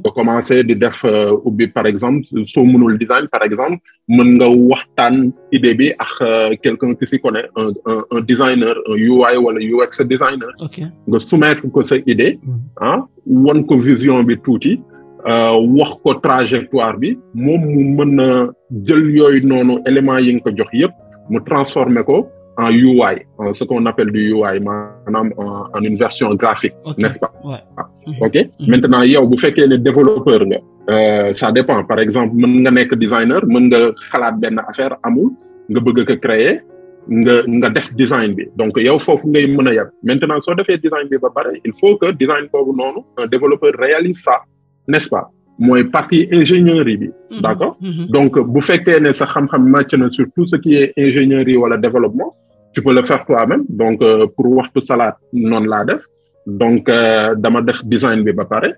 nga commencé di def euh, ubbi par exemple soo mënul design par exemple mën nga waxtaan idée bi ak euh, quelqu'un qui s'y connaît un un un designer un UI wala UX designer. nga soumettre ko sa idée. Mm. ah won ko vision bi tuuti. Euh, wax ko trajectoire bi moom mu mën na jël yooyu noonu éléments yi nga ko jox yëpp. mu transformé ko en UI en ce qu'on appelle du UI maanaam en, une version graphique n'est-ce pas ah, mhm. ok mhm. maintenant yow bu fekkee ne développeur nga euh, ça dépend par exemple mën nga nekk designer mën nga xalaat benn affaire amul nga bëgg ko créer nga nga def design bi donc yow foofu ngay mën a yem maintenant soo defee design bi ba pare il faut que design boobu noonu développeur réalise ça n'est-ce pas mooy partie yi bi. Mm-hmm. d'accord mm-hmm. donc bu fekkee ne sax xam-xam màcc na surtout tout ki qui est ingénierie wala développement tu peux le faire toi donc euh, pour waxtu salaat noonu laa def donc euh, dama def design bi ba pare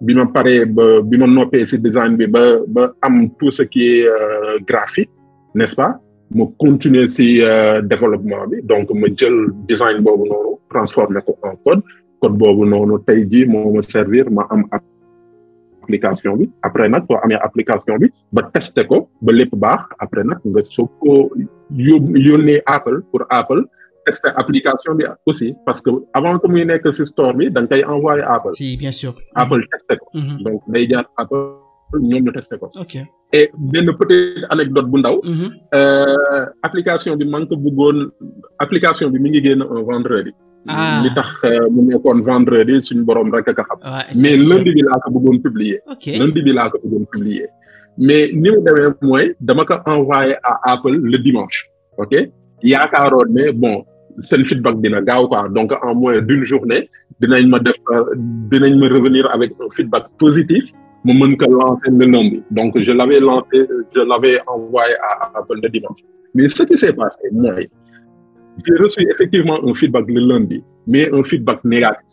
bi ma paree ba bi ma noppee si design bi ba ba am tout ce qui est euh, graphique n'est-ce pas ma continuer ci développement bi donc ma jël design boobu noonu transformer ko en code code boobu noonu tey jii moo ma servir ma am. application bi après nag soo amee application bi ba testé ko ba lépp baax après nag nga soog koo yónnee Apple pour Apple testé application bi aussi parce que avant que muy nekk si store bi da koy envoyé Apple. si bien sûr. Apple mhm. teste ko. Mhm. donc day jaar Apple ñoom ñu testé ko. ok et benn petite anecdote bu ndaw. Mhm. Euh, application bi man ko bëggoon application bi mu ngi génn un vendredi. Ah. li tax euh, mu nekkoon vendredi suñu borom rek a xam. mais lundi bi laa ko bëggoon publier. ok lundi bi laa ko publier. mais ni mu mooy dama ko envoyé à Apple le dimanche. ok yaakaaroon mais bon seen feedback dina gaaw quoi donc en moins d'une journée dinañ ma def euh, dinañ ma revenir avec un feedback positif mu mën ko lancer le lundi donc je l'avais lancé je l'avais envoyé à Apple le dimanche mais ce qui s'est passé mooy. j'ai reçu effectivement un feedback le lundi, mais un feedback négatif.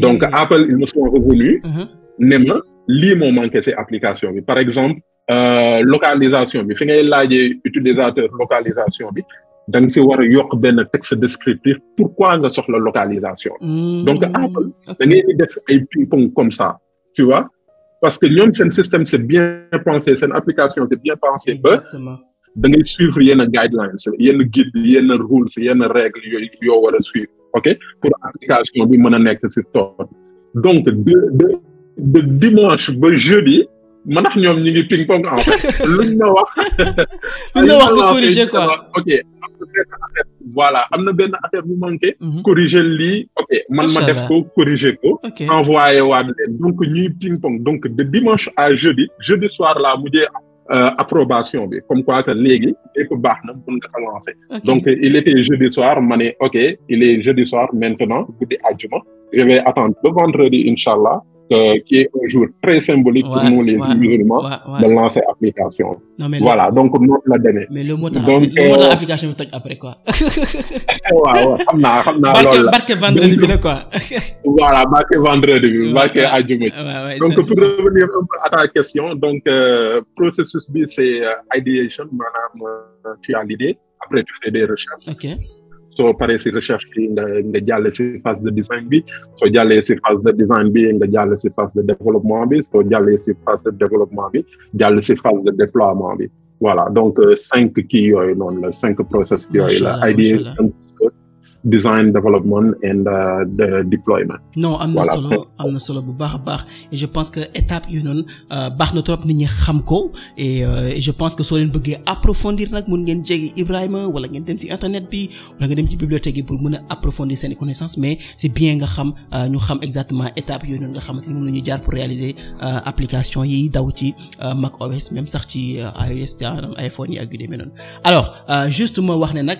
Donc, Apple, ils me sont revenus, mhm. ne ma li moo manqué ces applications bi par exemple euh, localisation bi fi ngay laajee utilisateur localisation bi da si war a yokk benn texte descriptif pourquoi nga soxla localisation mmh, donc Apple da ngay def ay ping-pong comme ça tu parce que ñoom seen système c'est bien pensé seen application c'est bien pensé ba da ngay suivre yenn guidelines yenn guide yenn rules yenn règles yooyu yoo war a suivre ok pour application bi mën a nekk ci store donc de de de dimanche ba jeudi man ak ñoom ñu ngi ping pong en fait luñ wax. luñ ma nga corriger quoi voilà am na benn affaire bu mhm. corriger lii ok man ma def ko corriger ko. envoyé waat leen donc ñuy ping pong donc de dimanche à jeudi jeudi soir la mujjee Euh, approbation bi comme quoi que léegi lépp baax na mën nga donc il était jeudi soir ma ne ok il est jeudi soir maintenant guddi àjjuma je vais attendre le vendredi incha allah euh, qui est un jour très symbolique pour nous les musulmans de lancer application. voilà donc noonu la demee. mais le mot euh, application toj après quoi. waaw xam na xam naa loolu vendredi bi la quoi. voilà vendredi bi barke àjjuma donc pour revenir à ta question donc euh, processus bi c'est euh, ideation maanaam tu as l'idée après tu fais des soo paree si recherche yi nga nga jàll si phase de design bi soo jàlle si phase de design bi nga jàll si phase de développement bi soo jàllee si phase de développement bi jàll si phase de déploiement bi voilà donc euh, cinq kii yooyu noonu la cinq process yooyu la idée design development and uh, the deployment. non am na solo bu baax baax je pense que étape yu noonu euh, baax na trop nit ñi xam ko euh, et je pense que soo leen bëggee approfondir nag mun ngeen jege Ibrahima wala ngeen dem ci internet bi wala nga dem ci bibliothèque yi pour mën a approfondir seen connaissance mais c'est bien nga xam euh, ñu xam exactement étape yooyu nga xamante ni moom la ñuy jaar pour réaliser application yi daw ci Mac OS même sax ci iOS iPhone yi ak yu demee noonu alors juste ma wax ne nag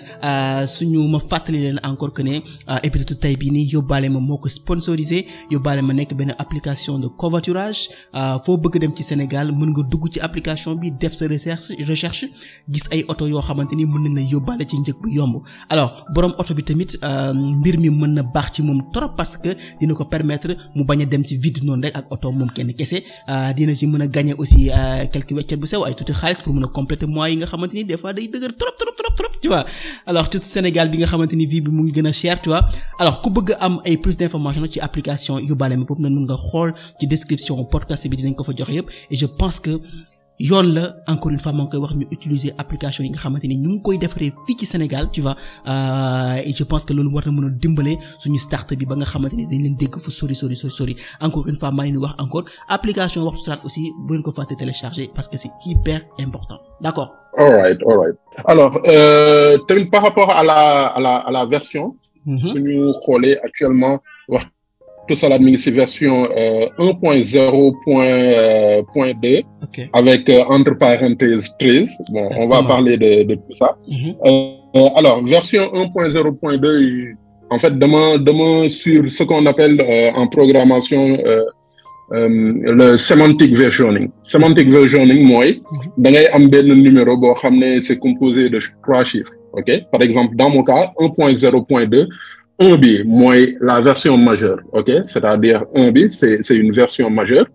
suñu ma fàttali encore que ne euh, épisode tay bii nii yóbbaale ma moo ko sponsorisé yóbbaale ma nekk benn application de covoiturage euh, foo bëgg dem ci Sénégal mën nga dugg ci application bi def sa recherche recherche gis ay oto yoo xamante ni mën nañ la yóbbaale ci njëg bu yomb alors borom oto bi tamit euh, mbir mi mën na baax ci moom trop parce que dina ko permettre mu bañ a dem ci vide noonu rek ak oto moom kenn kese dina ci mën a gagner aussi quelques weccet bu sew ay tuuti xaalis a compléter mois ni des trop tu vois alors ci Sénégal bi nga xamante ni vie bi mu ngi gën a cher alors ku bëgg am ay plus d'information ci application yu bale mi boobu nag mën nga xool ci description podcast bi dinañ ko fa jox yëpp je pense que yoon la encore une fois maa ngi koy wax ñu utiliser application yi nga xamante ni ñu ngi koy defaree fii ci Sénégal tu vois euh, et je pense que loolu war na mën a dimbale suñu start bi ba nga xamante ni dañ leen dégg fu sori sori sori sori encore une fois maa leen wax encore application waxtu salaat aussi bu leen ko fàtte télécharger parce que c'est hyper important d'accord. alors euh, par rapport à la à la à la version. su mm-hmm. ñu xoolee actuellement wax. tout ça, mi ngi si version euh, un point zéro point euh, point deux. avec euh, entre parenthèses treize. bon Exactement. on va parler de de tout ça. Mm -hmm. euh, alors version un point zéro point deux en fait dama dama sur ce qu'on appelle euh, en programmation le semantic versioning. semantic versioning mooy. Mhm. da ngay am benn numéro boo xam ne c'est composé de trois chiffres. ok par exemple dans mon cas un point zéro point deux. un bi mooy la version majeure ok c'est-à-dire un bi c'est c'est une version majeure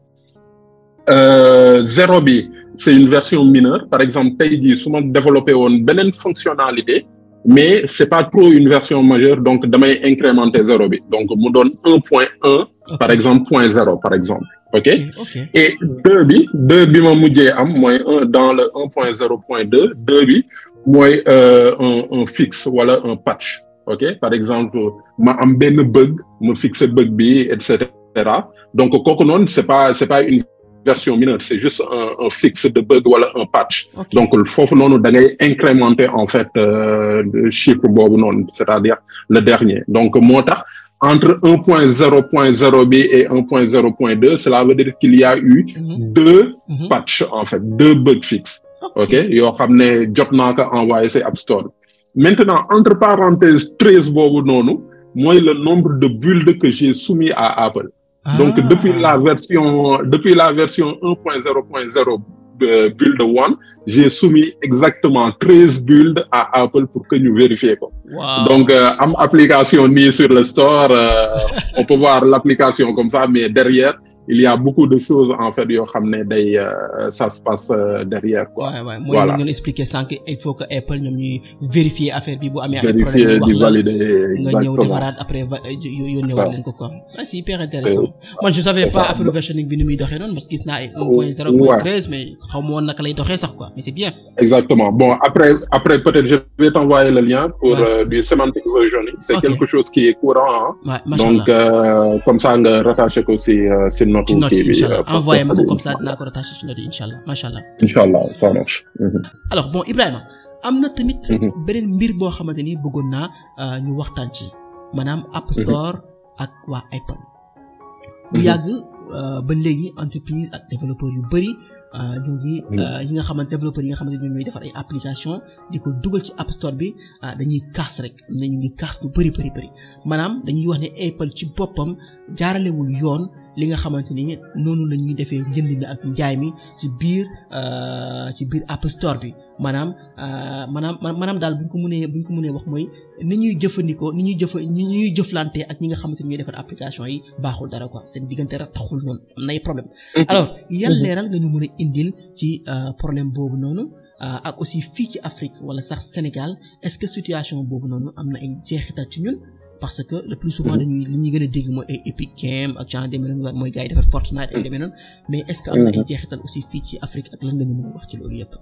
euh, zéro bi c'est une version mineure par exemple tey jii su ma développé woon beneen fonctionnalité mais c'est pas trop une version majeure donc damay incrémenter zéro bi donc mu doon un point un par exemple point zéro par exemple ok, okay, okay. et deux bi deux bi ma mujjee am mooy un dans le un point zéro point deux deux bi mooy euh, un un fixe wala un patch ok par exemple ma am benn bëgg ma fixe bëgg bi et cetera donc kooku noonu c'est pas c'est pas une version mineure c'est juste un, un fixe de bug wala un patch okay. donc foofu noonu da ngay incrémenter en fait euh, le chiffre boobu noonu c'est-à-dire le dernier donc moo tax entre un point zéro point zéro bi et un point zéro point deux cela veut dire qu'il y a eu mhm. deux mm en fait deux bugs fixes ok yoo xam ne jot naa ko envoyé ci App Store maintenant entre parenthèses treize boobu noonu mooy le nombre de builds que j'ai soumis à Apple. Ah. donc depuis la version depuis la version un point zéro point zéro euh, build one j'ai soumis exactement treize builds à Apple pour que ñu vérifier ko. donc euh, am application ni sur le store euh, on peut voir l'application comme ça mais derrière. il y a beaucoup de choses en fait yoo xam ne day euh, ça se passe euh, derrière quoi. Ouais, ouais. Moi, voilà mooy ñu expliquer sànq il faut que Apple ñoom ñuy vérifier affaire bi bu amee. a problème wax nga ñëw defaraat après euh, yónnee war leen ko quoi. ah c'est hyper intéressant man je savais pas affaire bi ni muy doxee noonu parce que gis naa mais xaw ma naka lay doxee sax quoi mais c'est bien. exactement bon après peut-être je vais t'envoyer le lien. pour du semantic versioning. c'est quelque chose qui ma ko. ci note incha allah envoyé ma ko comme ça dinaa ko rattaché ci note allah macha allah. incha mhm. bon Ibrahima am na tamit. Mhm. beneen mbir boo xamante ni bëggoon naa euh, ñu waxtaan ci maanaam App mhm. Store ak waa Apple. bu yàgg euh, ba léegi entreprise ak yu bëri euh, ñoo ngi yi nga xamante développeur yi nga xamante ñoom ñooy application di ko dugal ci app store bi dañuy kaas rek am na ñu ngi kaas lu bëri bëri bëri maanaam dañuy wax ne Apple ci boppam jaaralewul yoon li nga xamante ni noonu la ñuy defee njënd mi ak njaay mi ci biir euh, ci biir app store bi maanaam euh, maanaam maanaam daal bu ñu ko mënee bu ñu ko mënee wax mooy ni ñuy jëfandikoo ni ñuy jëfa ni ñuy jëflante ak ñi nga xamante ni ñuy defar application yi baaxul dara ko seen diggante rek taxul noonu am nay problème mhm. alors yan mhm. leeral nga ñu mën a indil ci euh, problème boobu noonu ak aussi fii ci Afrique wala sax Sénégal est-ce que situation boobu noonu am na ay jeexital ci ñun parce que le plus souvent mhm. dañuy li ñuy gën a dégg mooy ay Epic ak genre demee mooy gars defar Fortnite ak mhm. mais est-ce que am na mhm. ay jeexital aussi fii ci Afrique ak lan nga ñu mën a wax ci loolu yëpp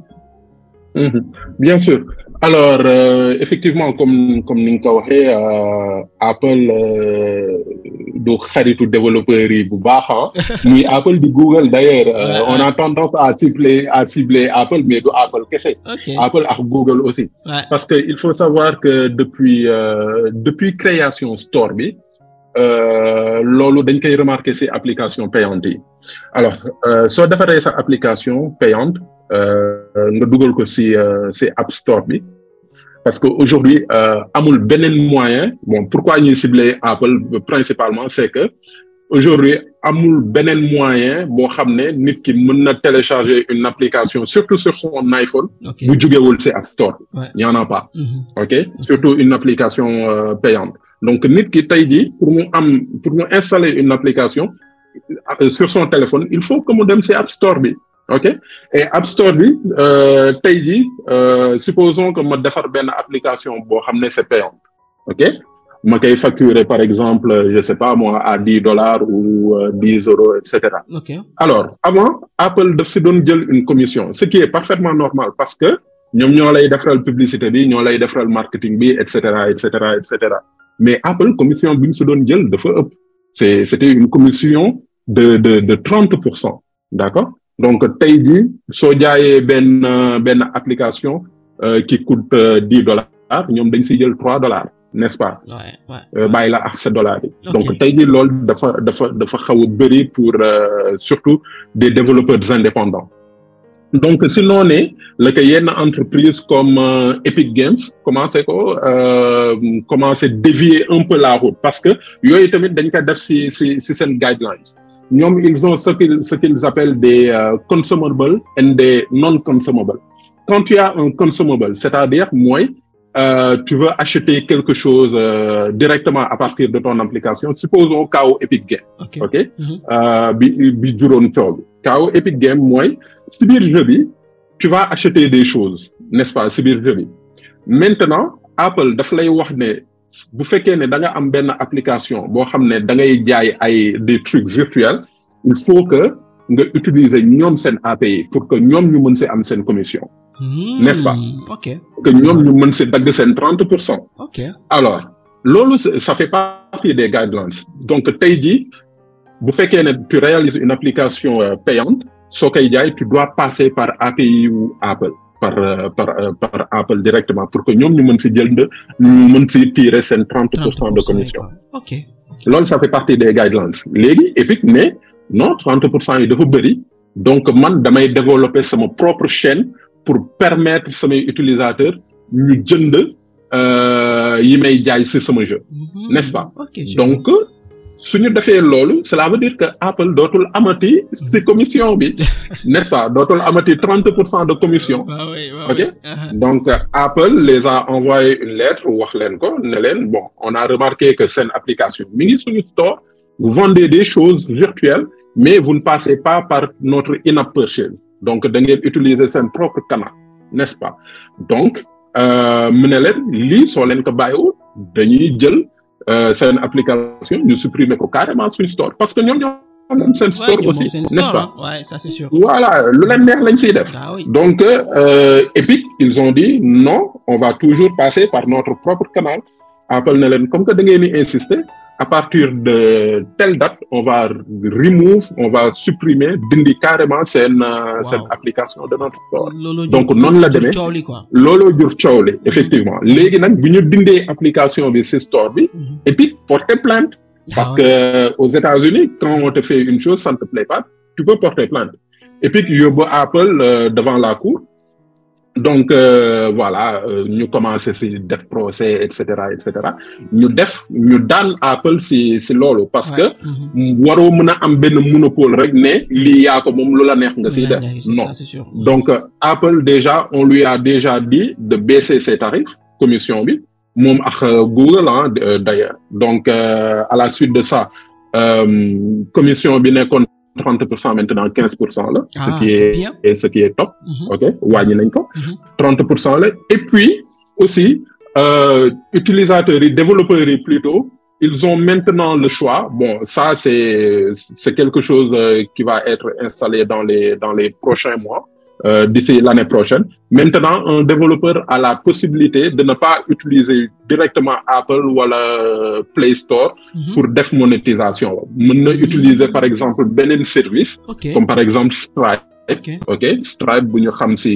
bien sûr alors euh, effectivement comme comme ni nga ko waxee euh, Apple euh, du xaritu développeurs yi bu baax ah. muy Apple di Google d'ailleurs euh, on a tendance à cibler à cibler Apple mais du Apple kese okay. Apple ak Google aussi ouais. parce que il faut savoir que depuis euh, depuis création store bi loolu dañ koy remarquer ci application payante yi alors soo defaree sa application payante Euh, nga dugal ko si euh, si App Store bi parce que aujourd'hui euh, amul beneen moyen bon pourquoi ñuy cibler Apple principalement c'est que aujourd'hui amul beneen moyen boo xam ne nit ki mën na télécharger une application surtout sur son iPhone. bu jógewul si App Store. il pas. Mhm. ok surtout une application payante. donc nit ki tey jii pour mu am pour mu installer une application sur son téléphone il faut que mu dem si App Store bi. ok e App Store bi euh, tey jii euh, supposons que ma defar benn application boo xam ne c'est payant ok ma koy facturer par exemple je sais pas moi à dix dollars ou euh, dix euros et cetera. alors avant Apple daf si doon jël une commission ce qui est parfaitement normal parce que ñoom ñoo lay defaral publicité bi ñoo lay defaral marketing bi et cetera et cetera et cetera mais Apple commission bi ñu si doon jël dafa ëpp c'est c'était une commission de de de trente pour cent d'accord. donc tey jii soo jaayee benn benn application euh, qui coûte euh, dix dollars ñoom dañ siy jël trois dollars n'est-ce pas. Euh, bàyyi la ak sa dollars yi. donc tey jii lool dafa dafa dafa xaw a bëri pour surtout des développeurs indépendants. donc si noonee la yenn entreprise comme Epic Games commencé ko commencé dévier un peu la parce que yooyu tamit dañ ko def si si si seen guidelines. ñoom ils ont ce qu'ils ce qu'ils appellent des euh, consumables and des non consumables quand tu as un consumable c'est-à-dire mooy euh, tu veux acheter quelque chose euh, directement à partir de ton application supposons kaw Epic Games ok, mhm. euh, bi bi juróon coow bi kaw Epic Games mooy si biir bi tu vas acheter des choses n'est-ce pas si biir jeu maintenant Apple daf lay wax ne bu fekkee ne da nga am benn application boo xam ne da ngay jaay ay des trucs virtuels il faut que nga utiliser ñoom seen API pour que ñoom ñu mën si am seen commission. Hmm, n'est-ce pas. ok que ñoom ñu mën see dagg seen trente pour cent. ok alors loolu ça fait partie des guidelines donc tey jii bu fekkee ne tu réalises une application euh, payante soo koy jaay tu dois passer par API wu Apple. par euh, par euh, par Apple directement pour que ñoom ñu mën si jël ñu mën si tirer seen trente pour cent de commission ok loolu ça fait partie des guidelines léegi Epic ne non trente pour cent yi dafa bëri donc man damay développé sama propre chaîne pour permettre samay utilisateurs ñu jënd euh, yi may jaay si sama jeu mm-hmm. n'est-ce pas donc suñu defee loolu cela veut dire que Apple dootul amati ci commission bi n'est-ce pas dootul amati trente pour cent de commission ah ah ok ah donc Apple les a envoyé une lettre wax leen ko ne leen bon on a remarqué que seen application mi ngi suñu store vous vendez des choses virtuelles mais vous ne passez pas par notre in-app donc da ngeen utiliser seen propre canal n'est-ce pas donc euh, mu ne leen lii soo leen ko bàyyiwul dañuy jël Euh, seen application ñu supprimer ko carrément suñu store parce que ñoom ñoo moom store aussi n'est-ce pas ouais, ça c'est sûr voilà lu leen neex lañ siy def ah donc euh, et puis ils ont dit non on va toujours passer par notre propre canal Apple ne leen comme que da ngeen di insister à partir de telle date on va remove on va supprimer dindi carrément seen. Euh, wow. seen application de notre corps. donc noonu la demee looloo jur coow li effectivement mm-hmm. léegi nag bu ñu dindee application bi si store bi. Mm-hmm. et puis porter plainte. Ah parce que aux États-Unis quand on te fait une chose ça ne te plaît pas tu peux porter plainte. et puis yóbbu Apple euh, devant la cour. donc euh, voilà euh, ñu commencé si def procès et cetera et cetera ñu def ñu daan Apple si si loolu. parce que waroo mën a am benn monopole rek ne lii yaa moom lu la neex nga siy def. donc euh, Apple déjà on lui a déjà dit de baisser ses tarifs commission bi moom ak euh, Google ah d'ailleurs donc euh, à la suite de ça euh, commission bi nekkoon. trente pour cent maintenant quinze pour cent la. Ah, ce qui est, est ce qui est top. Mhm. ok wàññi nañ ko. Mhm. trente pour cent la et puis aussi euh, utilisateurs yi développeurs yi plutôt. ils ont maintenant le choix. Bon, ça c'est c'est quelque chose euh, qui va être installé dans les dans les prochains mois. euh, d'ici l'année prochaine. Maintenant, un développeur a la possibilité de ne pas utiliser directement Apple wala euh, Play Store mm -hmm. pour def monétisation mën na utiliser par exemple beneen service okay. comme par exemple Stripe ok, okay? Stripe bu ñu xam ci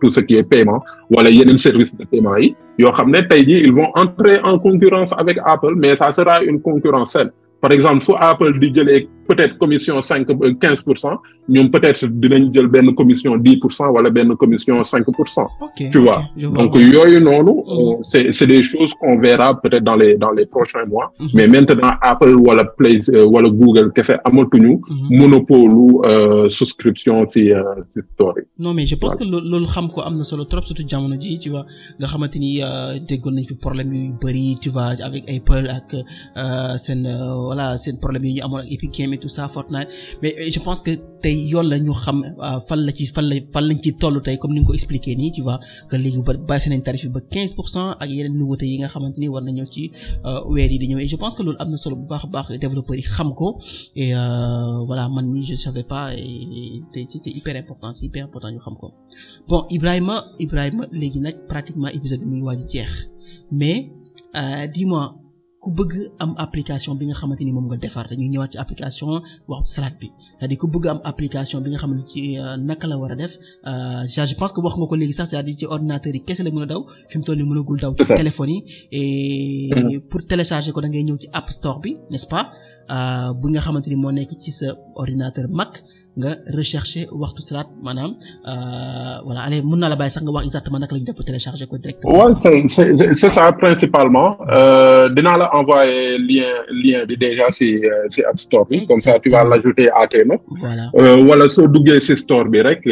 tout ce qui est paiement wala yeneen service de paiement i yoo xam ne tey jii ils vont entrer en concurrence avec Apple mais ça sera une concurrence saine par exemple fu Apple di jëlee peut-être commission cinq euh, quinze pour cent ñoom peut-être dinañ jël benn commission dix pour cent wala benn commission pour cent. tu vois donc yooyu noonu. Oh. Euh, c'est c'est des choses qu'on verra peut-être dans les dans les prochains mois. Mm -hmm. mais maintenant Apple wala Play euh, wala Google kese amatuñu. Mhm. monopole euh, souscription ci ci mais je pense que loolu xam ko am na solo trop surtout jamono ji tu vois nga xamante ni déggoon nañ fi problème yu bari tu vois Apple ak seen problème yi ñu et tout ça Fortnite mais euh, je pense que tey yoon la ñu xam euh, fan la ci toll tey comme ni nga ko expliqué nii tu vois que léegi ba bàyyi nañ tarif bi ba 15 pour cent ak yeneen nouveautés yi nga xamante ni war na ñëw ci euh, weer yi di ñëw et je pense que loolu am na solo bu baax baax développeurs xam ko et voilà man mii je pas et c'est hyper ñu xam ko bon Ibrahima Ibrahima léegi nag pratiquement épisode bi mu ngi waaj a jeex mais dis-moi ku bëgg am application bi nga xamante ni moom nga defar dañuy ñëwaat ci application waxtu salaat bi cest à ku bëgg am application bi nga xam ne ci euh, naka la war a def euh, je pense que wax nga ko léegi sax cest à ci ordinateur yi kese la mën a daw fi mu toll nii mënagul daw ci téléphone yi et mm-hmm. pour télécharger ko da ngay ñëw ci app store bi pas euh, bu nga xamante ni moo nekk ci sa ordinateur mag nga rechercher waxtu salaat maanaam euh, voilà allez mun naa la bàyyi sax nga wax exactement na la ñu def pour télécharger ko direct. waaw c' est c' est principalement euh, dinaa la envoyer lien lien bi si euh, si App Store bi. comme ça tu vas l' ajouter à wala soo duggee si store bi rek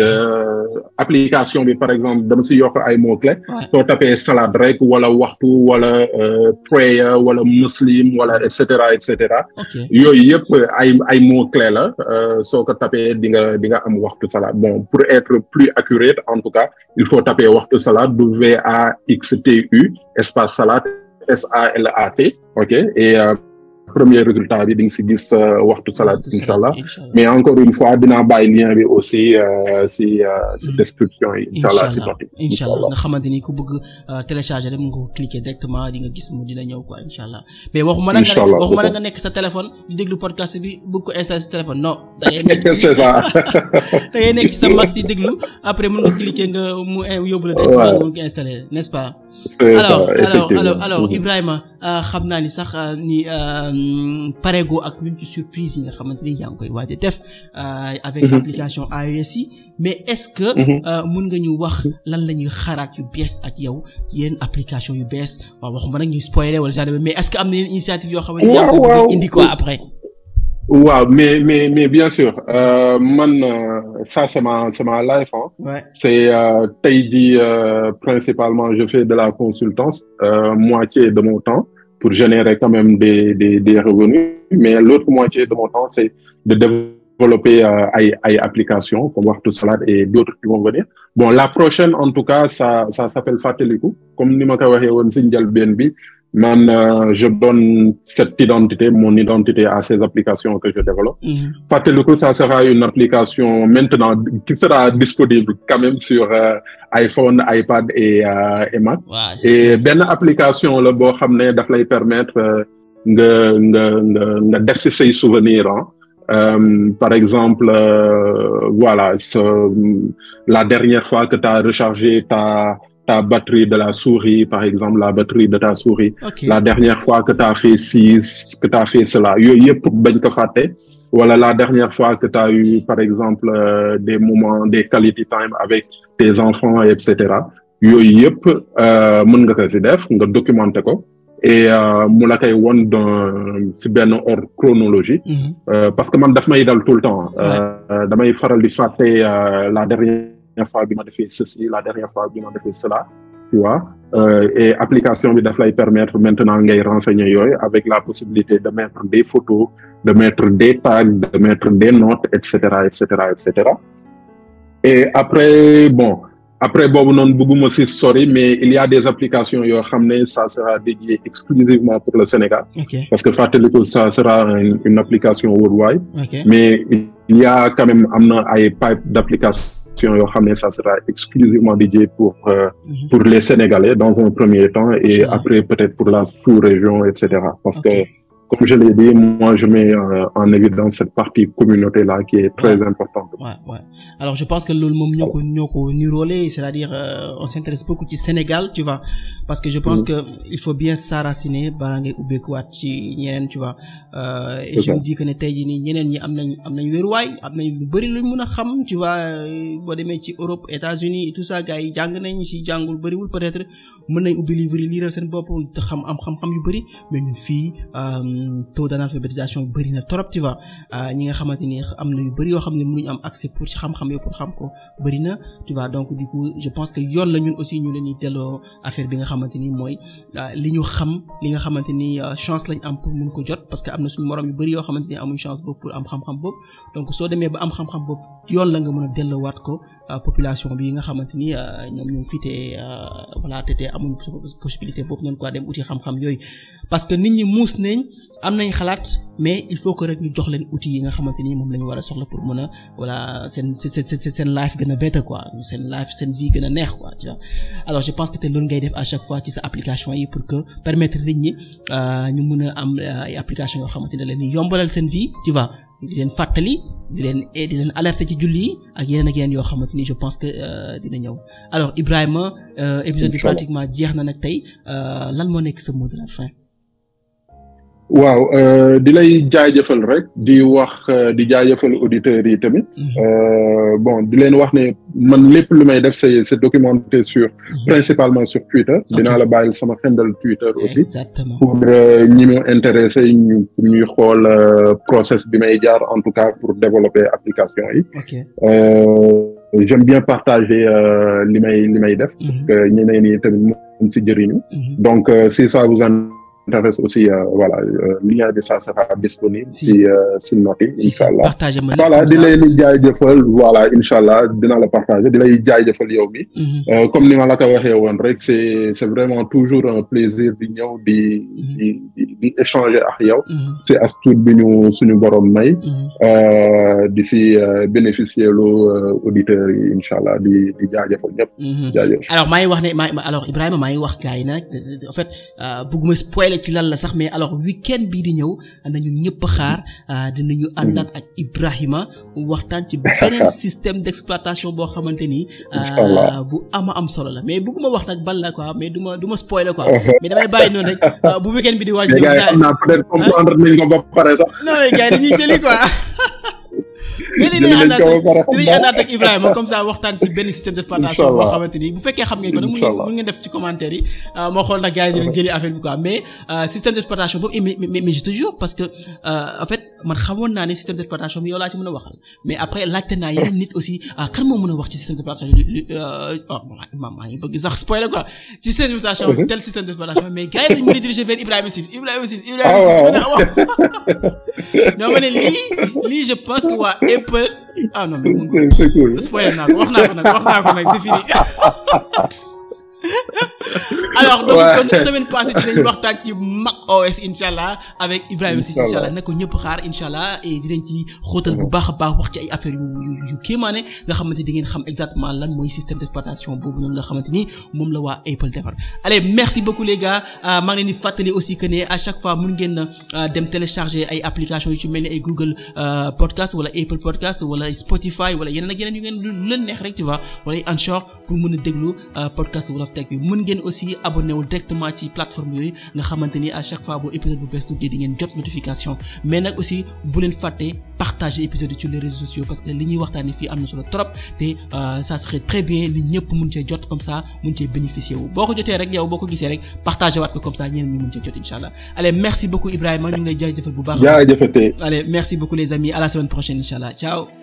application bi par exemple dama si yokk ay mots clés. soo tapee salade rek wala waxtu wala prayer wala muslim wala et cetera yooyu yëpp ay ay mots la soo ko tapee. taper di nga di nga am waxtu salade bon pour être plus accurate en tout cas il faut taper waxtu salade W A T U espace salade S A L ok et euh, premier résultat bi di nga si gis euh, waxtu salaat incha allah mais encore une fois dinaa bàyyi lien bi aussi euh, si euh, si hmm. description yi nga xamante ni ku bëgg télécharger mu nga ko cliquer directement di nga gis mu dina ñëw quoi incha allah mais waxuma nga nekk sa téléphone di déglu podcast bi bëgg ko installer sa téléphone non da ngay nekk c'est sa mag di déglu après mun nga cliquer nga mu yóbbu la nga installer n'est-ce pas alors mm-hmm. Ibrahima Euh, xam naa ni sax euh, ni euh, parego ak ñun ci surprise yi nga xamante ni yaa ngi koy waaj a def. avec mhm. l'application iOS yi. mais est-ce que. mën mhm. nga ñu wax mhm. lan la ñuy xaaraat yu bees ak yow ci yeneen application yu bees waaw waxuma nag ñu spoiler wala genre mais est que am na initiative yoo xamante ni yaa ngi ko indi quoi après. waaw mais mais mais bien sûr man sa ça c'est ma c'est ma life hein. c'est tey jii principalement je fais de la consultance moitié de mon temps pour générer quand même des, des, des revenus. Mais l'autre moitié de mon temps, c'est de développer euh, AI applications comme Wartu Salad et d'autres qui vont venir. Bon, la prochaine, en tout cas, ça, ça s'appelle Fateliku. Comme nous m'avons dit, man euh, je donne cette identité mon identité à ces applications que je développe fàttaliku mm -hmm. sera une application maintenant qui sera disponible quand même sur euh, iPhone iPad et, euh, et Mac benn application la boo xam ne daf lay permettre euh, nga nga nga nga def ci say souvenir euh, par exemple euh, voilà la dernière fois que tu as ta ta batterie de la souris, par exemple, la batterie de ta souris, okay. la dernière fois que tu as fait ci, que tu as fait cela. Voilà la dernière fois que tu as par exemple, euh, des moments, des quality time avec tes enfants, etc. yooyu yëpp euh, mën nga koy si def nga documenter ko et euh, mu la koy won dans si benn ordre chronologique. Mhm. parce que man daf may dal tout le temps. damay faral di la dernière. dernière fois bi ma defee ceci la dernière fois bi ma defee cela tu euh, et application bi daf lay permettre maintenant ngay renseigner yooy avec la possibilité de mettre des photos de mettre des tags de mettre des notes et cetera et cetera et après bon après boobu noonu bëgguma si sori mais il y a des applications yoo xam ne ça sera dédié exclusivement pour le Sénégal okay. parce que fàttaliku ça sera une, une application worldwide okay. mais il y a quand même am na ay pipe d'application yoo xam ne ça sera exclusivement dédié pour euh, mhm. pour les Sénégalais dans un premier temps et okay. après peut-être pour la sous-région et cetera parce okay. que comme je l'ai dit, moi, je mets euh, en évidence cette partie communauté-là qui est très ouais. importante. Ouais, ouais. Alors, je pense que loolu moom ñoo ko ñoo ko niroole c'est-à-dire euh, on s'intéresse beaucoup ci Sénégal tu vois parce que je pense mm. que il faut bien s'enraciner balaa ngay ubbeekuwaat ci ñeneen tu vois. Euh, et je ça. me dis que ne tey jii nii ñeneen ñi am nañ am nañ wéruwaay am nañ lu bëri luñ mën a xam tu vois euh, boo demee ci Europe États-Unis et tout ça gars yi jàng nañ ci jàngul bëriwul peut-être mën nañ ubbi livre yi liiral seen bopp xam am xam-xam yu bëri mais ñun fii. Euh, taux d'analphabétisation bëri na trop tu vois euh, ñi nga xamante ni am na yu bëri yoo xam ne mënuñu am accès pour ci xam-xam yooyu pour xam ko bëri na tu vois donc du coup je pense que yoon la ñun aussi ñu leen di delloo affaire bi nga xamante ni mooy euh, li ñu xam li nga xamante ni euh, chance lañ am pour mun ko jot parce que am na suñu morom yu bëri yoo xamante ni amuñ chance boobu pour am xam-xam boobu donc soo demee ba am xam-xam boobu yoon la nga mën a delloowaat ko population bi nga xamante ni ñoom ñu ngi fi te voilà te te amuñ possibilité boobu noonu quoi dem uti xam-xam yooyu parce que nit ñi muus nañ am nañ xalaat mais il faut que rek ñu jox leen outils yi nga xamante ni moom la war a soxla pour mën a voilà seen seen seen seen life gën a better quoi seen life seen vie gën a neex quoi tu vois je pense que loolu ngay def à chaque fois ci sa application yi pour que permettre nit ñi euh, ñu mën a am euh, ay yoo xamante ne leen yombalal seen vie tu vois di leen fàttali di leen eh, di leen alerter ci julli yi ak yeneen ak yeneen yoo xamante ni je pense que euh, dina ñëw alors Ibrahima épisode bi jeex na nag tey lan moo nekk sa mot de la fin waaw euh, di lay jaajëfal rek di wax euh, di jaajëfal auditeurs yi tamit mhm. euh, bon di leen wax ne man lépp lu may def se c'est documenté sur mhm. principalement sur Twitter dinaa la bàyyil sama xendal Twitter aussi pour ñi mu intéressé ñu ñuy xool process bi may jaar en tout cas pour développer application yi j'aime bien partager li may li may def mhm. parce que ñeneen ñi tamit moom si jëriñu donc si ça vous Daves aussi euh, voilà euh, lien bi ça sera disponible. si si notes yi incha allah di ma voilà di leen jaajëfal voilà incha allah dina la partagé di lay jaajëfal yow bi mhm. euh, comme ni ma la ko waxee woon rek c' est c' est vraiment toujours un plaisir di ñëw di mhm. di di échanger ak yow. Mhm. si astuce bi ñu suñu borom may. di si bénéficier lu auditeurs yi incha allah di di jaajëfal ñëpp. alors maa wax ne maa alors Ibrahima maa ngi wax gars yi nag en spoil xamle ci lan la sax mais alors week-end bii di ñëw nañu ñëpp xaar ah, dinañu àndaat ak Ibrahima waxtaan ci beneen système d'exploitation boo xamante ni ah, bu am am solo la mais bëgguma wax nag ban la quoi mais du ma du ma spoiler quoi mais damay bàyyi noonu rek ah, bu week bi di waaj ñëw peut-être comprendre ba pare sax non mais gars yi dañuy jëli quoi dinañ àndaat ak Ibrahima comme ça waxtaan ci benn système de partage boo xamante ni bu fekkee xam ngeen ko nag mu ngeen def ci commentaire yi euh, moo xool ndax gars yi dinañ jëli affaire bi quoi mais euh, système d'exploitation boobu mais mais je te jure parce que euh, en fait man xamoon naa ne système d'exploitation bi yow laa ci mën a waxal mais après laajte naa yeneen nit aussi kan moo mën a wax ci système d'exploitation oh, maa ngi bëgg sax spoiler quoi ci système d'exploitation tel système d'exploitation mais gars yi dañ mën a diriger vers Ibrahima Ciss Ibrahima Ciss Ibrahima ah, Ciss mën a wax non ma ne lii lii je pense que waa lépp ah non mais. c'est cool spoil naa ko wax naa ko nag wax naa ko nag c'est fini. alors donc kon semaine passée dinañ waxtaan ci Mac OS incha allah avec Ibrahima Cissé incha allah na ko ñëpp xaar incha allah et dinañ ci xóotal bu baax a baax wax ci ay affaires yu yu kéemaane nga xamante di ngeen xam exactement lan mooy système d'exploitation boobu noonu nga xamante ni moom la waa Apple defar. allez merci beaucoup les gars euh, maa ngi leen di fàttali aussi que ne à chaque fois mun ngeen euh, dem télécharger ay applications yu ci mel ni ay Google euh, podcast wala Apple podcast wala Spotify wala yeneen ak yeneen yu ngeen lu leen neex rek tu vois wala ay Anchor pour mën a déglu podcast wala. foofu teg bi mën ngeen aussi abonné directement ci plateforme yooyu nga xamante ni à chaque fois boo épisode bu bees duggee di ngeen jot notification mais nag aussi bu leen fàtte partager épisode yi sur les sociaux parce euh, très bien li ñëpp mun cee jot comme ça mun cee bénéficier boo ko jotee rek yow boo ko gisee rek partagé waat ko comme ça ñeneen ñu mun cee jot incha allah allez merci beaucoup Ibrahima ñu ngi lay jaajëfal bu baax. jaajëfatee allez merci beaucoup les amis à